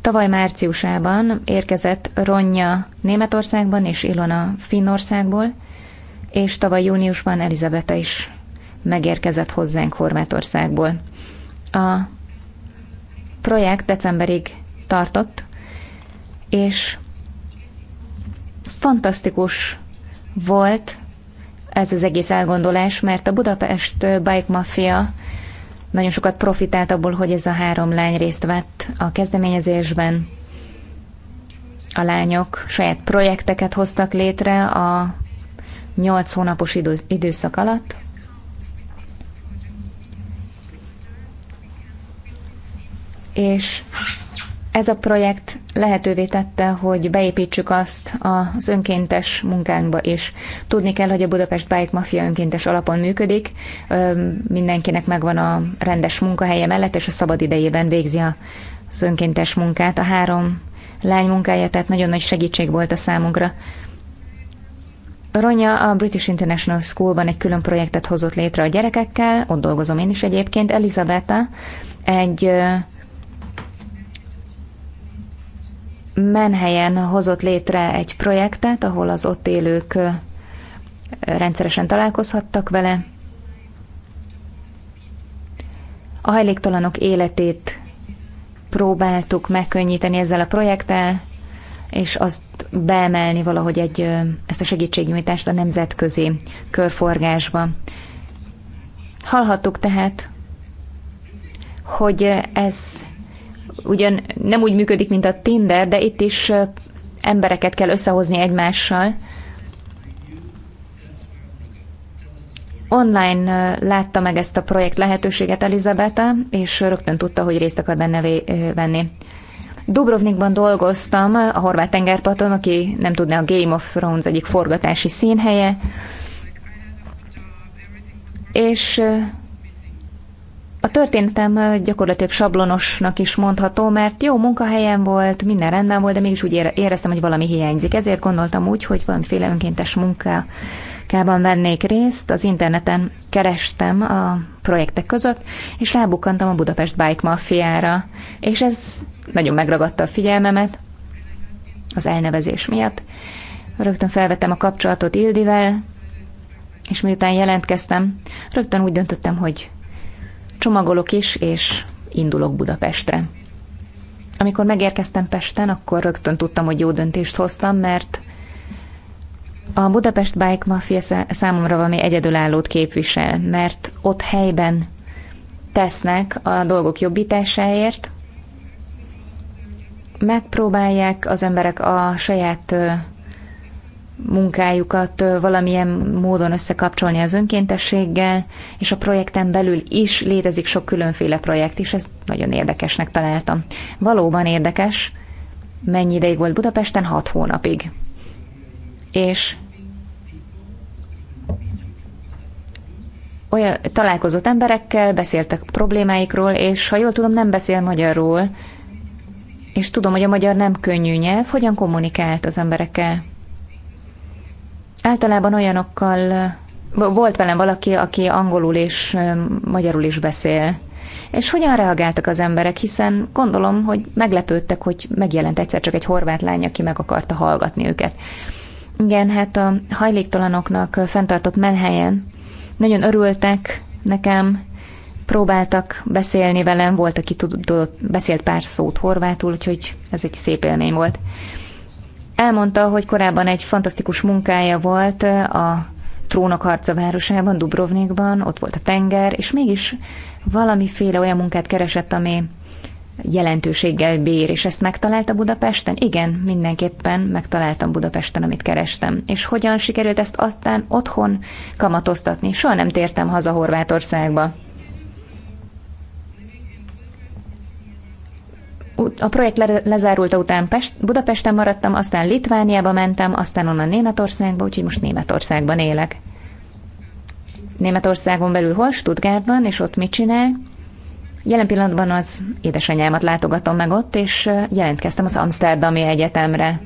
Tavaly márciusában érkezett Ronja Németországban és Ilona Finnországból, és tavaly júniusban Elizabeta is megérkezett hozzánk Horvátországból. A projekt decemberig tartott, és fantasztikus volt ez az egész elgondolás, mert a Budapest Bike Mafia nagyon sokat profitált abból, hogy ez a három lány részt vett a kezdeményezésben. A lányok saját projekteket hoztak létre, a 8 hónapos időszak alatt. És ez a projekt lehetővé tette, hogy beépítsük azt az önkéntes munkánkba is. Tudni kell, hogy a Budapest Bike Mafia önkéntes alapon működik, mindenkinek megvan a rendes munkahelye mellett, és a szabad idejében végzi az önkéntes munkát. A három lány munkája, tehát nagyon nagy segítség volt a számunkra. Ronya a British International Schoolban egy külön projektet hozott létre a gyerekekkel, ott dolgozom én is egyébként, Elizabeta, egy Menhelyen hozott létre egy projektet, ahol az ott élők rendszeresen találkozhattak vele. A hajléktalanok életét próbáltuk megkönnyíteni ezzel a projekttel, és azt beemelni valahogy egy, ezt a segítségnyújtást a nemzetközi körforgásba. Hallhattuk tehát, hogy ez ugyan nem úgy működik, mint a Tinder, de itt is embereket kell összehozni egymással. Online látta meg ezt a projekt lehetőséget Elizabeth, és rögtön tudta, hogy részt akar benne venni. Dubrovnikban dolgoztam, a horvát tengerparton, aki nem tudná, a Game of Thrones egyik forgatási színhelye, és a történetem gyakorlatilag sablonosnak is mondható, mert jó munkahelyen volt, minden rendben volt, de mégis úgy éreztem, hogy valami hiányzik. Ezért gondoltam úgy, hogy valamiféle önkéntes munkában vennék részt. Az interneten kerestem a projektek között, és rábukkantam a Budapest Bike Mafiára. És ez nagyon megragadta a figyelmemet az elnevezés miatt. Rögtön felvettem a kapcsolatot Ildivel, és miután jelentkeztem, rögtön úgy döntöttem, hogy csomagolok is, és indulok Budapestre. Amikor megérkeztem Pesten, akkor rögtön tudtam, hogy jó döntést hoztam, mert a Budapest Bike Mafia számomra valami egyedülállót képvisel, mert ott helyben tesznek a dolgok jobbításáért, megpróbálják az emberek a saját munkájukat valamilyen módon összekapcsolni az önkéntességgel, és a projekten belül is létezik sok különféle projekt is, ezt nagyon érdekesnek találtam. Valóban érdekes, mennyi ideig volt Budapesten? Hat hónapig. És olyan találkozott emberekkel, beszéltek problémáikról, és ha jól tudom, nem beszél magyarról és tudom, hogy a magyar nem könnyű nyelv, hogyan kommunikált az emberekkel. Általában olyanokkal volt velem valaki, aki angolul és magyarul is beszél. És hogyan reagáltak az emberek, hiszen gondolom, hogy meglepődtek, hogy megjelent egyszer csak egy horvát lány, aki meg akarta hallgatni őket. Igen, hát a hajléktalanoknak fenntartott menhelyen nagyon örültek nekem, próbáltak beszélni velem, volt, aki tudott, beszélt pár szót horvátul, úgyhogy ez egy szép élmény volt. Elmondta, hogy korábban egy fantasztikus munkája volt a trónok harca városában, Dubrovnikban, ott volt a tenger, és mégis valamiféle olyan munkát keresett, ami jelentőséggel bír, és ezt megtalálta Budapesten? Igen, mindenképpen megtaláltam Budapesten, amit kerestem. És hogyan sikerült ezt aztán otthon kamatoztatni? Soha nem tértem haza Horvátországba. a projekt le- lezárulta után Pest, Budapesten maradtam, aztán Litvániába mentem, aztán onnan Németországba, úgyhogy most Németországban élek. Németországon belül hol? Stuttgartban, és ott mit csinál? Jelen pillanatban az édesanyámat látogatom meg ott, és jelentkeztem az Amsterdami Egyetemre.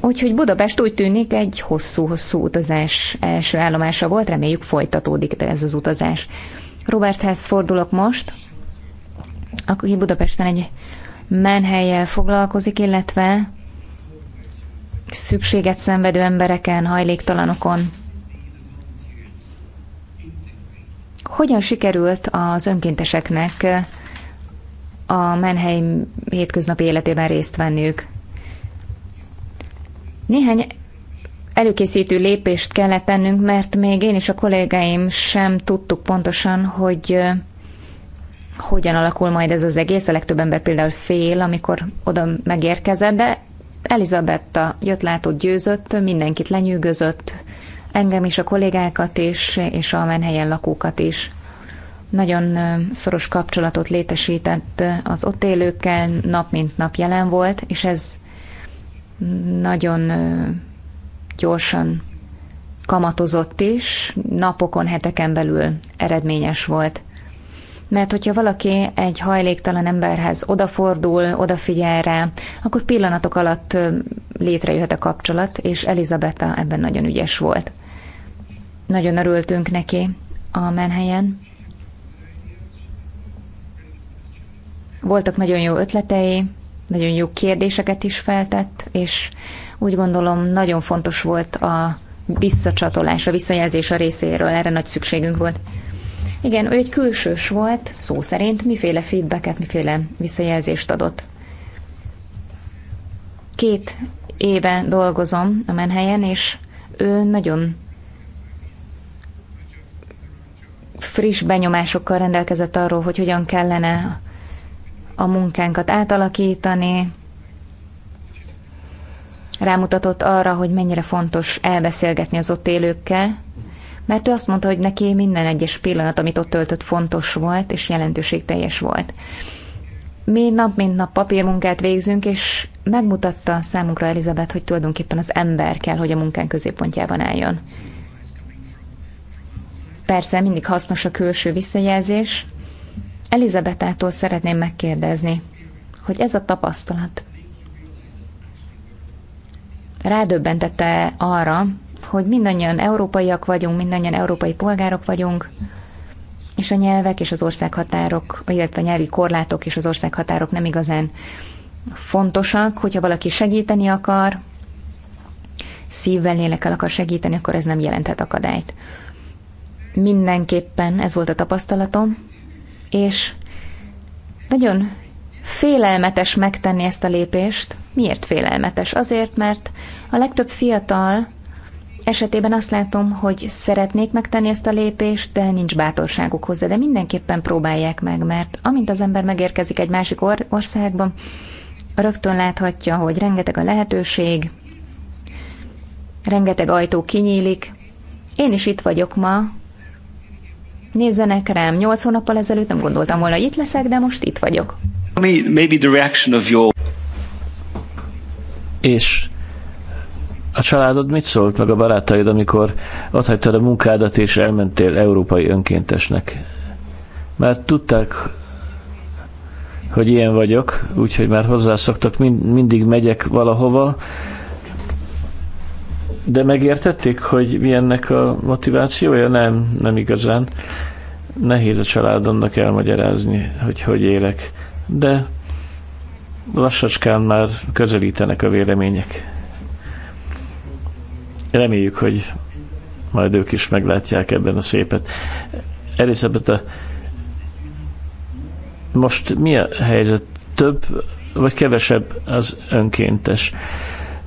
Úgyhogy Budapest úgy tűnik egy hosszú-hosszú utazás első állomása volt, reméljük folytatódik ez az utazás. Roberthez fordulok most aki Budapesten egy menhelyjel foglalkozik, illetve szükséget szenvedő embereken, hajléktalanokon. Hogyan sikerült az önkénteseknek a Menhely hétköznapi életében részt venniük? Néhány előkészítő lépést kellett tennünk, mert még én és a kollégáim sem tudtuk pontosan, hogy hogyan alakul majd ez az egész. A legtöbb ember például fél, amikor oda megérkezett, de Elizabetta jött, látott, győzött, mindenkit lenyűgözött, engem is, a kollégákat is, és a menhelyen lakókat is. Nagyon szoros kapcsolatot létesített az ott élőkkel, nap mint nap jelen volt, és ez nagyon gyorsan kamatozott is, napokon, heteken belül eredményes volt. Mert hogyha valaki egy hajléktalan emberhez odafordul, odafigyel rá, akkor pillanatok alatt létrejöhet a kapcsolat, és Elizabeta ebben nagyon ügyes volt. Nagyon örültünk neki a menhelyen. Voltak nagyon jó ötletei, nagyon jó kérdéseket is feltett, és úgy gondolom nagyon fontos volt a visszacsatolás, a visszajelzés a részéről, erre nagy szükségünk volt. Igen, ő egy külsős volt, szó szerint miféle feedbacket, miféle visszajelzést adott. Két éve dolgozom a menhelyen, és ő nagyon friss benyomásokkal rendelkezett arról, hogy hogyan kellene a munkánkat átalakítani, rámutatott arra, hogy mennyire fontos elbeszélgetni az ott élőkkel, mert ő azt mondta, hogy neki minden egyes pillanat, amit ott töltött, fontos volt és jelentőségteljes volt. Mi nap mint nap papírmunkát végzünk, és megmutatta számunkra Elizabeth, hogy tulajdonképpen az ember kell, hogy a munkán középpontjában álljon. Persze mindig hasznos a külső visszajelzés. Elizabetától szeretném megkérdezni, hogy ez a tapasztalat rádöbbentette arra, hogy mindannyian európaiak vagyunk, mindannyian európai polgárok vagyunk, és a nyelvek és az országhatárok, illetve a nyelvi korlátok és az országhatárok nem igazán fontosak, hogyha valaki segíteni akar, szívvel, lélekkel akar segíteni, akkor ez nem jelenthet akadályt. Mindenképpen ez volt a tapasztalatom, és nagyon félelmetes megtenni ezt a lépést. Miért félelmetes? Azért, mert a legtöbb fiatal esetében azt látom, hogy szeretnék megtenni ezt a lépést, de nincs bátorságuk hozzá, de mindenképpen próbálják meg, mert amint az ember megérkezik egy másik or- országba, rögtön láthatja, hogy rengeteg a lehetőség, rengeteg ajtó kinyílik. Én is itt vagyok ma, nézzenek rám, nyolc hónappal ezelőtt nem gondoltam volna, hogy itt leszek, de most itt vagyok. Maybe the reaction of your... És a családod mit szólt meg a barátaid, amikor otthagytad a munkádat és elmentél európai önkéntesnek? Mert tudták, hogy ilyen vagyok, úgyhogy már hozzászoktak, mind, mindig megyek valahova, de megértették, hogy milyennek a motivációja? Nem, nem igazán. Nehéz a családomnak elmagyarázni, hogy hogy élek. De lassacskán már közelítenek a vélemények. Reméljük, hogy majd ők is meglátják ebben a szépet. Elizabeth, a... most mi a helyzet? Több vagy kevesebb az önkéntes?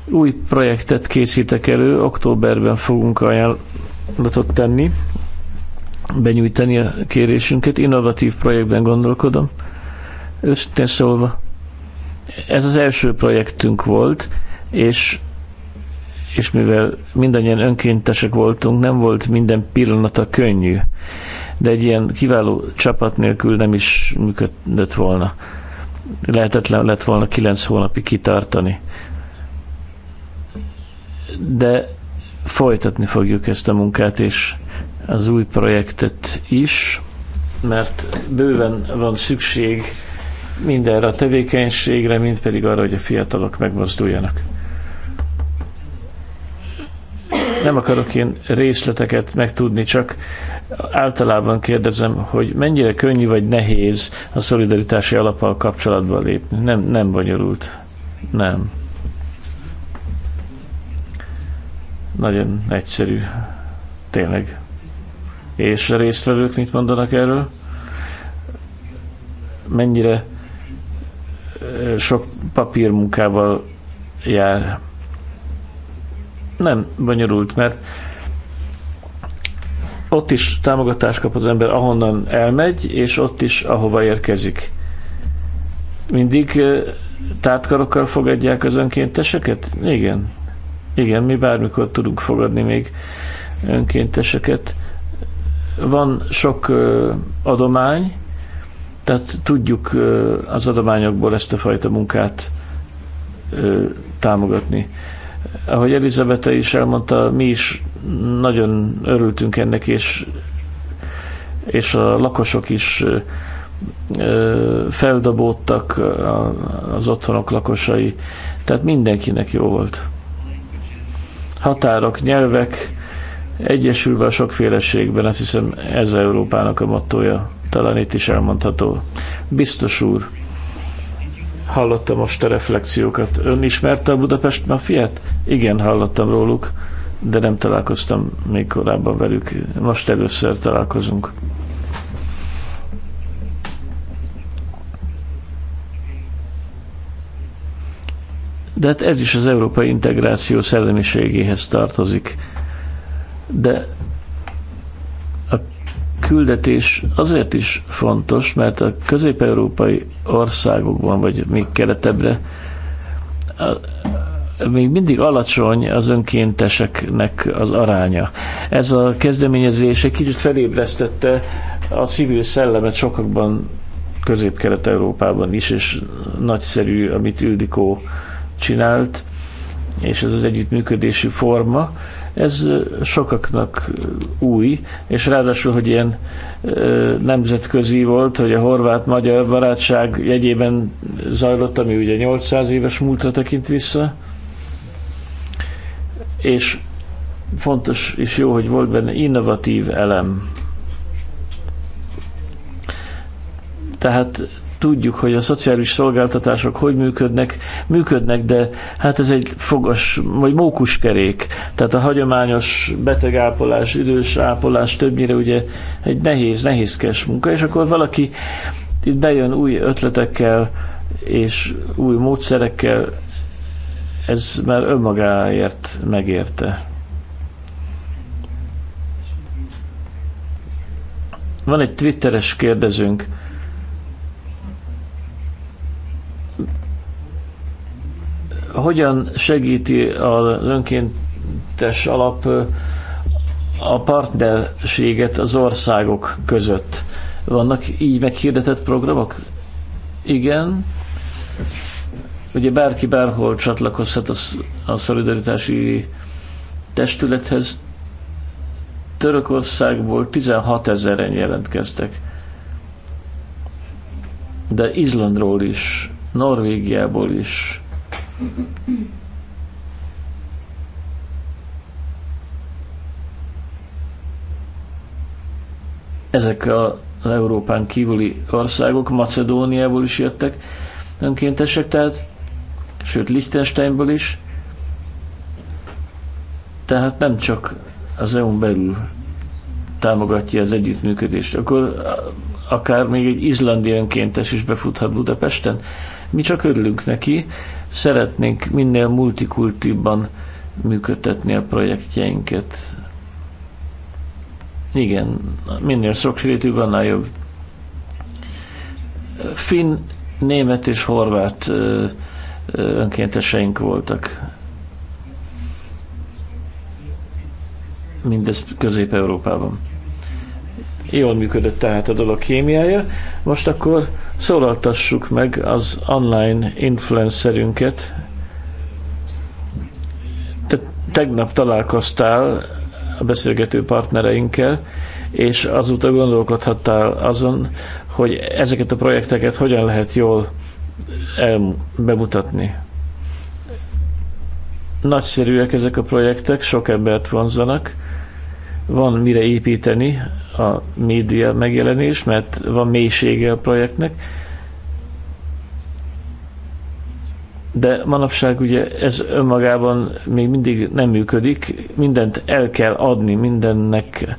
Új projektet készítek elő, októberben fogunk ajánlatot tenni, benyújtani a kérésünket. Innovatív projektben gondolkodom. Őszintén szólva, ez az első projektünk volt, és és mivel mindannyian önkéntesek voltunk, nem volt minden pillanata könnyű, de egy ilyen kiváló csapat nélkül nem is működött volna. Lehetetlen lett volna kilenc hónapig kitartani. De folytatni fogjuk ezt a munkát, és az új projektet is, mert bőven van szükség mindenre a tevékenységre, mint pedig arra, hogy a fiatalok megmozduljanak. Nem akarok én részleteket megtudni, csak általában kérdezem, hogy mennyire könnyű vagy nehéz a szolidaritási alapal kapcsolatba lépni. Nem, nem bonyolult. Nem. Nagyon egyszerű. Tényleg. És a résztvevők mit mondanak erről? Mennyire sok papírmunkával jár nem bonyolult, mert ott is támogatást kap az ember, ahonnan elmegy, és ott is, ahova érkezik. Mindig tátkarokkal fogadják az önkénteseket? Igen. Igen, mi bármikor tudunk fogadni még önkénteseket. Van sok adomány, tehát tudjuk az adományokból ezt a fajta munkát támogatni. Ahogy Elizabeth is elmondta, mi is nagyon örültünk ennek, és, és a lakosok is feldobódtak az otthonok lakosai, tehát mindenkinek jó volt. Határok, nyelvek, egyesülve a sokféleségben, azt hiszem ez Európának a mottoja, talán itt is elmondható. Biztos úr, Hallotta most a reflexiókat. Ön ismerte a Budapest Mafiát? Igen, hallottam róluk, de nem találkoztam még korábban velük. Most először találkozunk. De hát ez is az európai integráció szellemiségéhez tartozik. De küldetés azért is fontos, mert a közép-európai országokban, vagy még keletebbre, még mindig alacsony az önkénteseknek az aránya. Ez a kezdeményezés egy kicsit felébresztette a civil szellemet sokakban, közép-kelet-európában is, és nagyszerű, amit Ildikó csinált, és ez az együttműködési forma. Ez sokaknak új, és ráadásul, hogy ilyen nemzetközi volt, hogy a horvát-magyar barátság jegyében zajlott, ami ugye 800 éves múltra tekint vissza, és fontos és jó, hogy volt benne innovatív elem. Tehát tudjuk, hogy a szociális szolgáltatások hogy működnek, működnek, de hát ez egy fogas, vagy mókuskerék. Tehát a hagyományos betegápolás, idős ápolás többnyire ugye egy nehéz, nehézkes munka, és akkor valaki itt bejön új ötletekkel és új módszerekkel, ez már önmagáért megérte. Van egy twitteres kérdezünk, hogyan segíti az önkéntes alap a partnerséget az országok között? Vannak így meghirdetett programok? Igen. Ugye bárki bárhol csatlakozhat a szolidaritási testülethez. Törökországból 16 ezeren jelentkeztek. De Izlandról is, Norvégiából is, ezek a az Európán kívüli országok, Macedóniából is jöttek önkéntesek, tehát, sőt Liechtensteinből is, tehát nem csak az EU-n belül támogatja az együttműködést, akkor akár még egy izlandi önkéntes is befuthat Budapesten. Mi csak örülünk neki, Szeretnénk minél multikultúrban működtetni a projektjeinket. Igen, minél sokrétűbb, annál jobb. Finn, német és horvát önkénteseink voltak. Mindez Közép-Európában. Jól működött tehát a dolog kémiája. Most akkor szólaltassuk meg az online influencerünket. Te tegnap találkoztál a beszélgető partnereinkkel, és azóta gondolkodhattál azon, hogy ezeket a projekteket hogyan lehet jól el, bemutatni. Nagyszerűek ezek a projektek, sok embert vonzanak, van mire építeni a média megjelenés, mert van mélysége a projektnek. De manapság ugye ez önmagában még mindig nem működik, mindent el kell adni, mindennek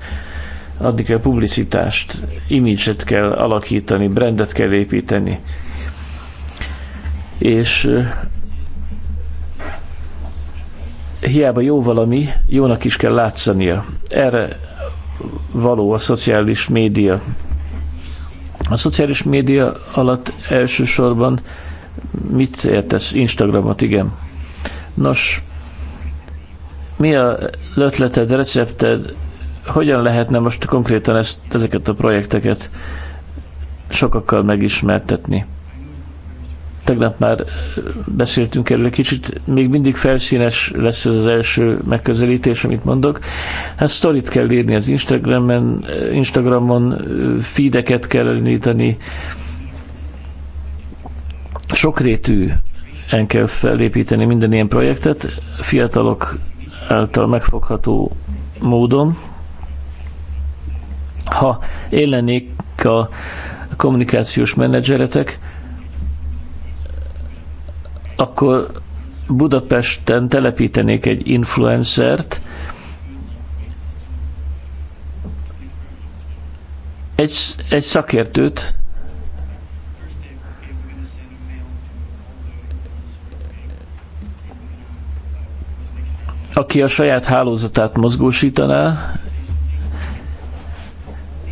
adni kell publicitást, imidzset kell alakítani, brandet kell építeni. És hiába jó valami, jónak is kell látszania. Erre való a szociális média. A szociális média alatt elsősorban mit értesz? Instagramot, igen. Nos, mi a ötleted, recepted, hogyan lehetne most konkrétan ezt, ezeket a projekteket sokakkal megismertetni? tegnap már beszéltünk erről kicsit, még mindig felszínes lesz ez az első megközelítés, amit mondok. Hát sztorit kell írni az Instagramon, Instagramon feedeket kell elindítani, en kell felépíteni minden ilyen projektet, fiatalok által megfogható módon. Ha én lennék a kommunikációs menedzseretek, akkor Budapesten telepítenék egy influencert, egy, egy szakértőt, aki a saját hálózatát mozgósítaná.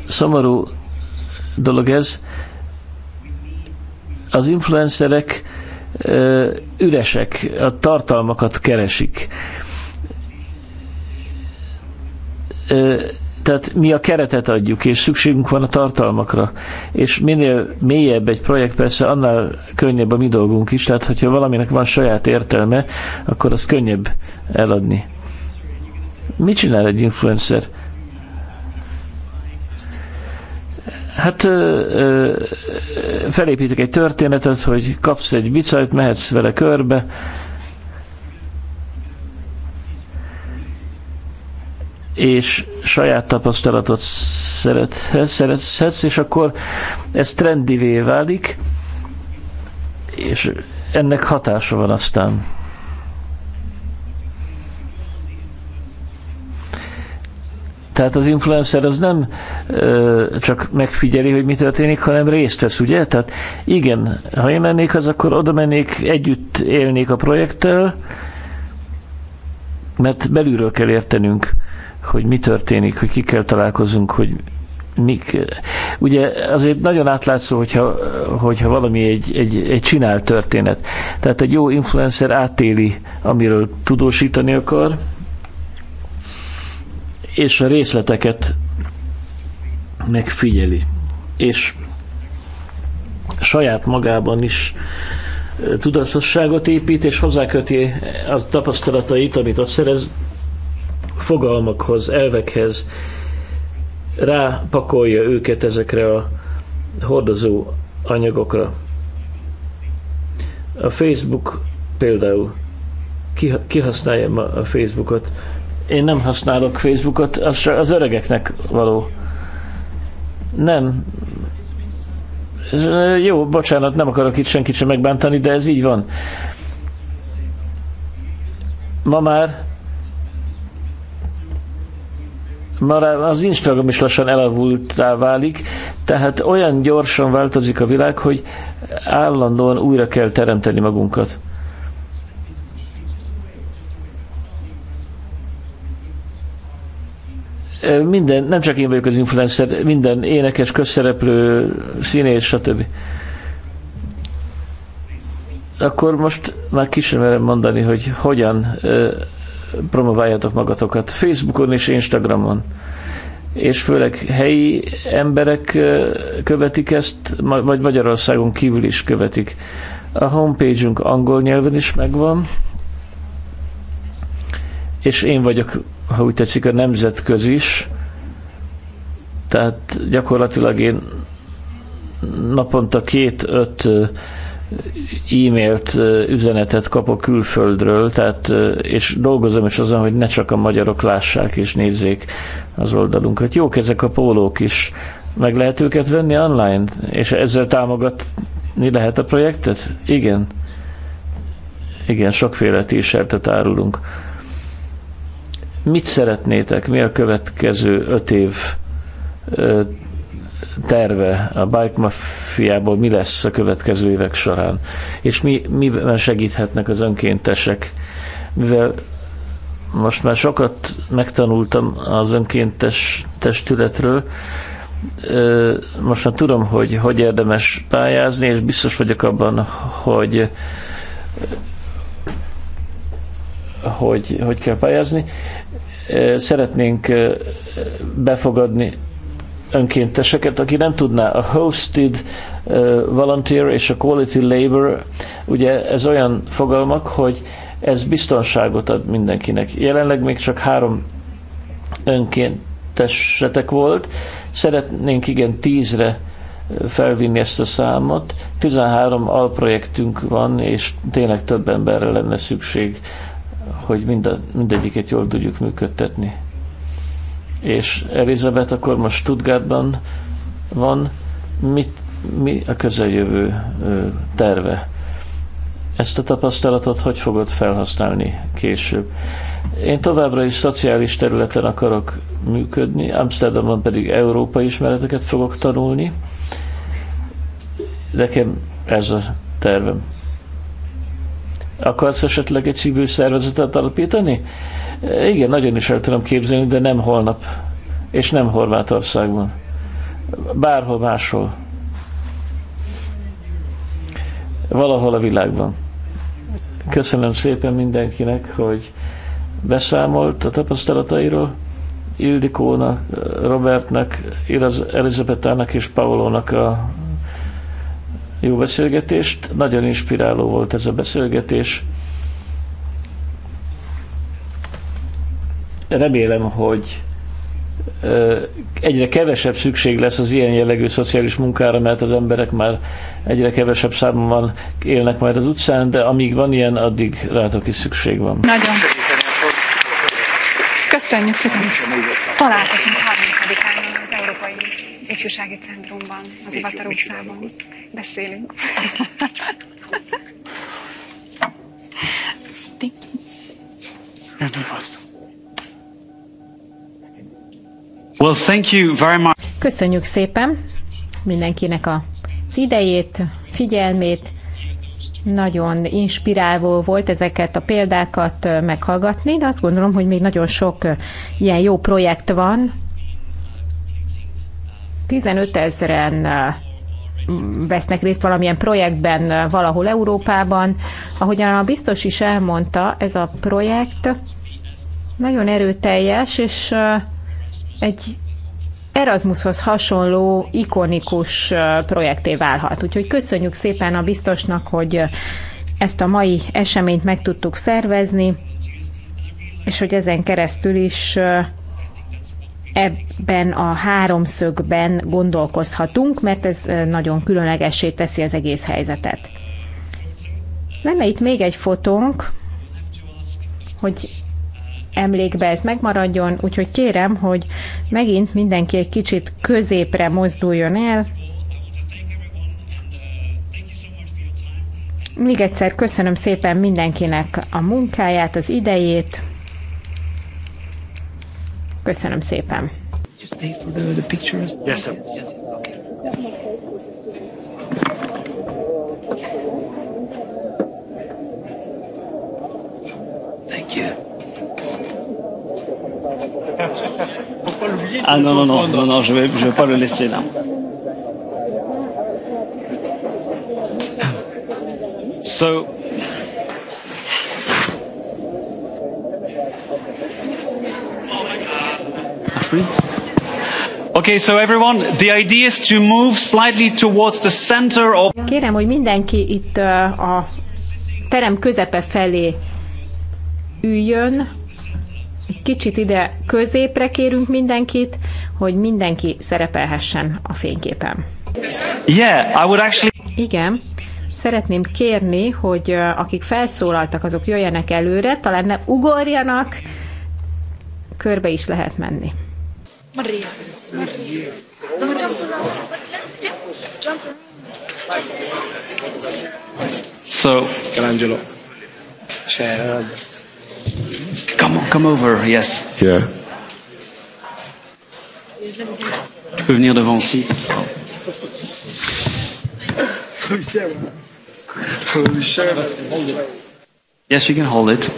Szomorú dolog ez. Az influencerek üresek, a tartalmakat keresik. Tehát mi a keretet adjuk, és szükségünk van a tartalmakra. És minél mélyebb egy projekt, persze annál könnyebb a mi dolgunk is. Tehát, hogyha valaminek van saját értelme, akkor az könnyebb eladni. Mit csinál egy influencer? Hát ö, ö, felépítik egy történetet, hogy kapsz egy bicajt, mehetsz vele körbe. és saját tapasztalatot szerethetsz, szerethetsz, és akkor ez trendivé válik, és ennek hatása van aztán. Tehát az influencer az nem ö, csak megfigyeli, hogy mi történik, hanem részt vesz, ugye? Tehát igen, ha én mennék az, akkor oda mennék, együtt élnék a projekttel, mert belülről kell értenünk, hogy mi történik, hogy ki kell találkozunk, hogy mik. Ugye azért nagyon átlátszó, hogyha, hogyha valami egy, egy, egy csinál történet. Tehát egy jó influencer átéli, amiről tudósítani akar, és a részleteket megfigyeli. És saját magában is tudatosságot épít, és hozzáköti az tapasztalatait, amit ott szerez, fogalmakhoz, elvekhez, rápakolja őket ezekre a hordozó anyagokra. A Facebook például kihasználja ma a Facebookot én nem használok Facebookot, az, az öregeknek való. Nem. Jó, bocsánat, nem akarok itt senkit sem megbántani, de ez így van. Ma már már az Instagram is lassan elavultá válik, tehát olyan gyorsan változik a világ, hogy állandóan újra kell teremteni magunkat. minden, nem csak én vagyok az influencer, minden énekes, közszereplő, színész, stb. Akkor most már ki sem merem mondani, hogy hogyan promováljatok magatokat. Facebookon és Instagramon. És főleg helyi emberek követik ezt, vagy Magyarországon kívül is követik. A homepage-ünk angol nyelven is megvan, és én vagyok, ha úgy tetszik, a nemzetközi is, tehát gyakorlatilag én naponta két-öt e-mailt, üzenetet kapok külföldről, tehát, és dolgozom is azon, hogy ne csak a magyarok lássák és nézzék az oldalunkat. Jók ezek a pólók is. Meg lehet őket venni online, és ezzel támogatni lehet a projektet? Igen. Igen, sokféle t árulunk. Mit szeretnétek, mi a következő öt év terve a bike mafiából, mi lesz a következő évek során, és mi, miben segíthetnek az önkéntesek, mivel most már sokat megtanultam az önkéntes testületről, most már tudom, hogy hogy érdemes pályázni, és biztos vagyok abban, hogy hogy, hogy kell pályázni szeretnénk befogadni önkénteseket, aki nem tudná a hosted volunteer és a quality labor, ugye ez olyan fogalmak, hogy ez biztonságot ad mindenkinek. Jelenleg még csak három önkéntesetek volt, szeretnénk igen tízre felvinni ezt a számot. 13 alprojektünk van, és tényleg több emberre lenne szükség hogy mind a, mindegyiket jól tudjuk működtetni. És Elizabeth akkor most Stuttgartban van, mit, mi a közeljövő terve? Ezt a tapasztalatot hogy fogod felhasználni később? Én továbbra is szociális területen akarok működni, Amsterdamban pedig európai ismereteket fogok tanulni. Nekem ez a tervem. Akarsz esetleg egy civil szervezetet alapítani? Igen, nagyon is el tudom képzelni, de nem holnap, és nem Horvátországban. Bárhol máshol. Valahol a világban. Köszönöm szépen mindenkinek, hogy beszámolt a tapasztalatairól. Ildikónak, Robertnek, Elizabethának és Paulónak a jó beszélgetést. Nagyon inspiráló volt ez a beszélgetés. Remélem, hogy egyre kevesebb szükség lesz az ilyen jellegű szociális munkára, mert az emberek már egyre kevesebb számban élnek majd az utcán, de amíg van ilyen, addig rátok is szükség van. Nagyon. Köszönjük szépen. Találkozunk 30 ifjúsági centrumban, az Ivatar utcában. Beszélünk. Ti? Nem Well, thank you very much. Köszönjük szépen mindenkinek a idejét, figyelmét. Nagyon inspiráló volt ezeket a példákat meghallgatni, de azt gondolom, hogy még nagyon sok ilyen jó projekt van, 15 ezeren vesznek részt valamilyen projektben valahol Európában. Ahogyan a biztos is elmondta, ez a projekt nagyon erőteljes, és egy Erasmushoz hasonló ikonikus projekté válhat. Úgyhogy köszönjük szépen a biztosnak, hogy ezt a mai eseményt meg tudtuk szervezni, és hogy ezen keresztül is ebben a háromszögben gondolkozhatunk, mert ez nagyon különlegessé teszi az egész helyzetet. Lenne itt még egy fotónk, hogy emlékbe ez megmaradjon, úgyhogy kérem, hogy megint mindenki egy kicsit középre mozduljon el. Még egyszer köszönöm szépen mindenkinek a munkáját, az idejét. Köszönöm szépen. Yes, sir. Thank you. Ah non, non, non, non, non, je ne vais, je vais pas le laisser là. So, free. Okay, so everyone, the idea is to move slightly towards the center of... Kérem, hogy mindenki itt a terem közepe felé üljön. Egy kicsit ide középre kérünk mindenkit, hogy mindenki szerepelhessen a fényképen. Yeah, I would actually... Igen, szeretném kérni, hogy akik felszólaltak, azok jöjjenek előre, talán ne ugorjanak, körbe is lehet menni. Maria. Maria. Don't jump around. But let's jump. Jump around. So, Michelangelo. Come on, come over, yes. Yeah. Tu peux venir devant aussi, yes, you can hold it.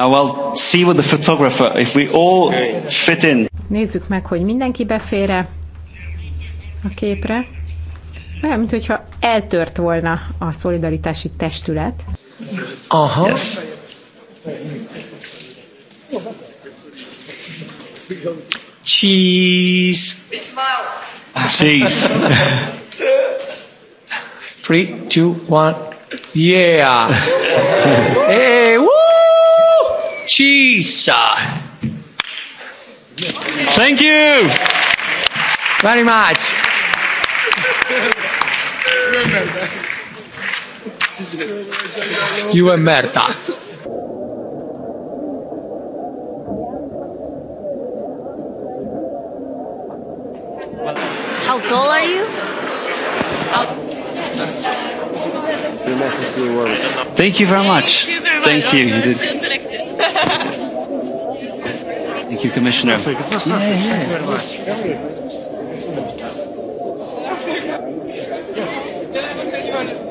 I will see with the photographer if we all fit in. Nézzük meg, hogy mindenki befére a képre. Olyan, mint hogyha eltört volna a szolidaritási testület. Aha. Yes. Cheese. Cheese. Three, two, one. Yeah. hey, woo! Cheese. Thank you very much. You are Berta. How tall are you? Thank you very much. Thank you. Thank you. you did. Thank you, Commissioner. Perfect. perfect. Yeah, yeah. Thank you very much. Thank you.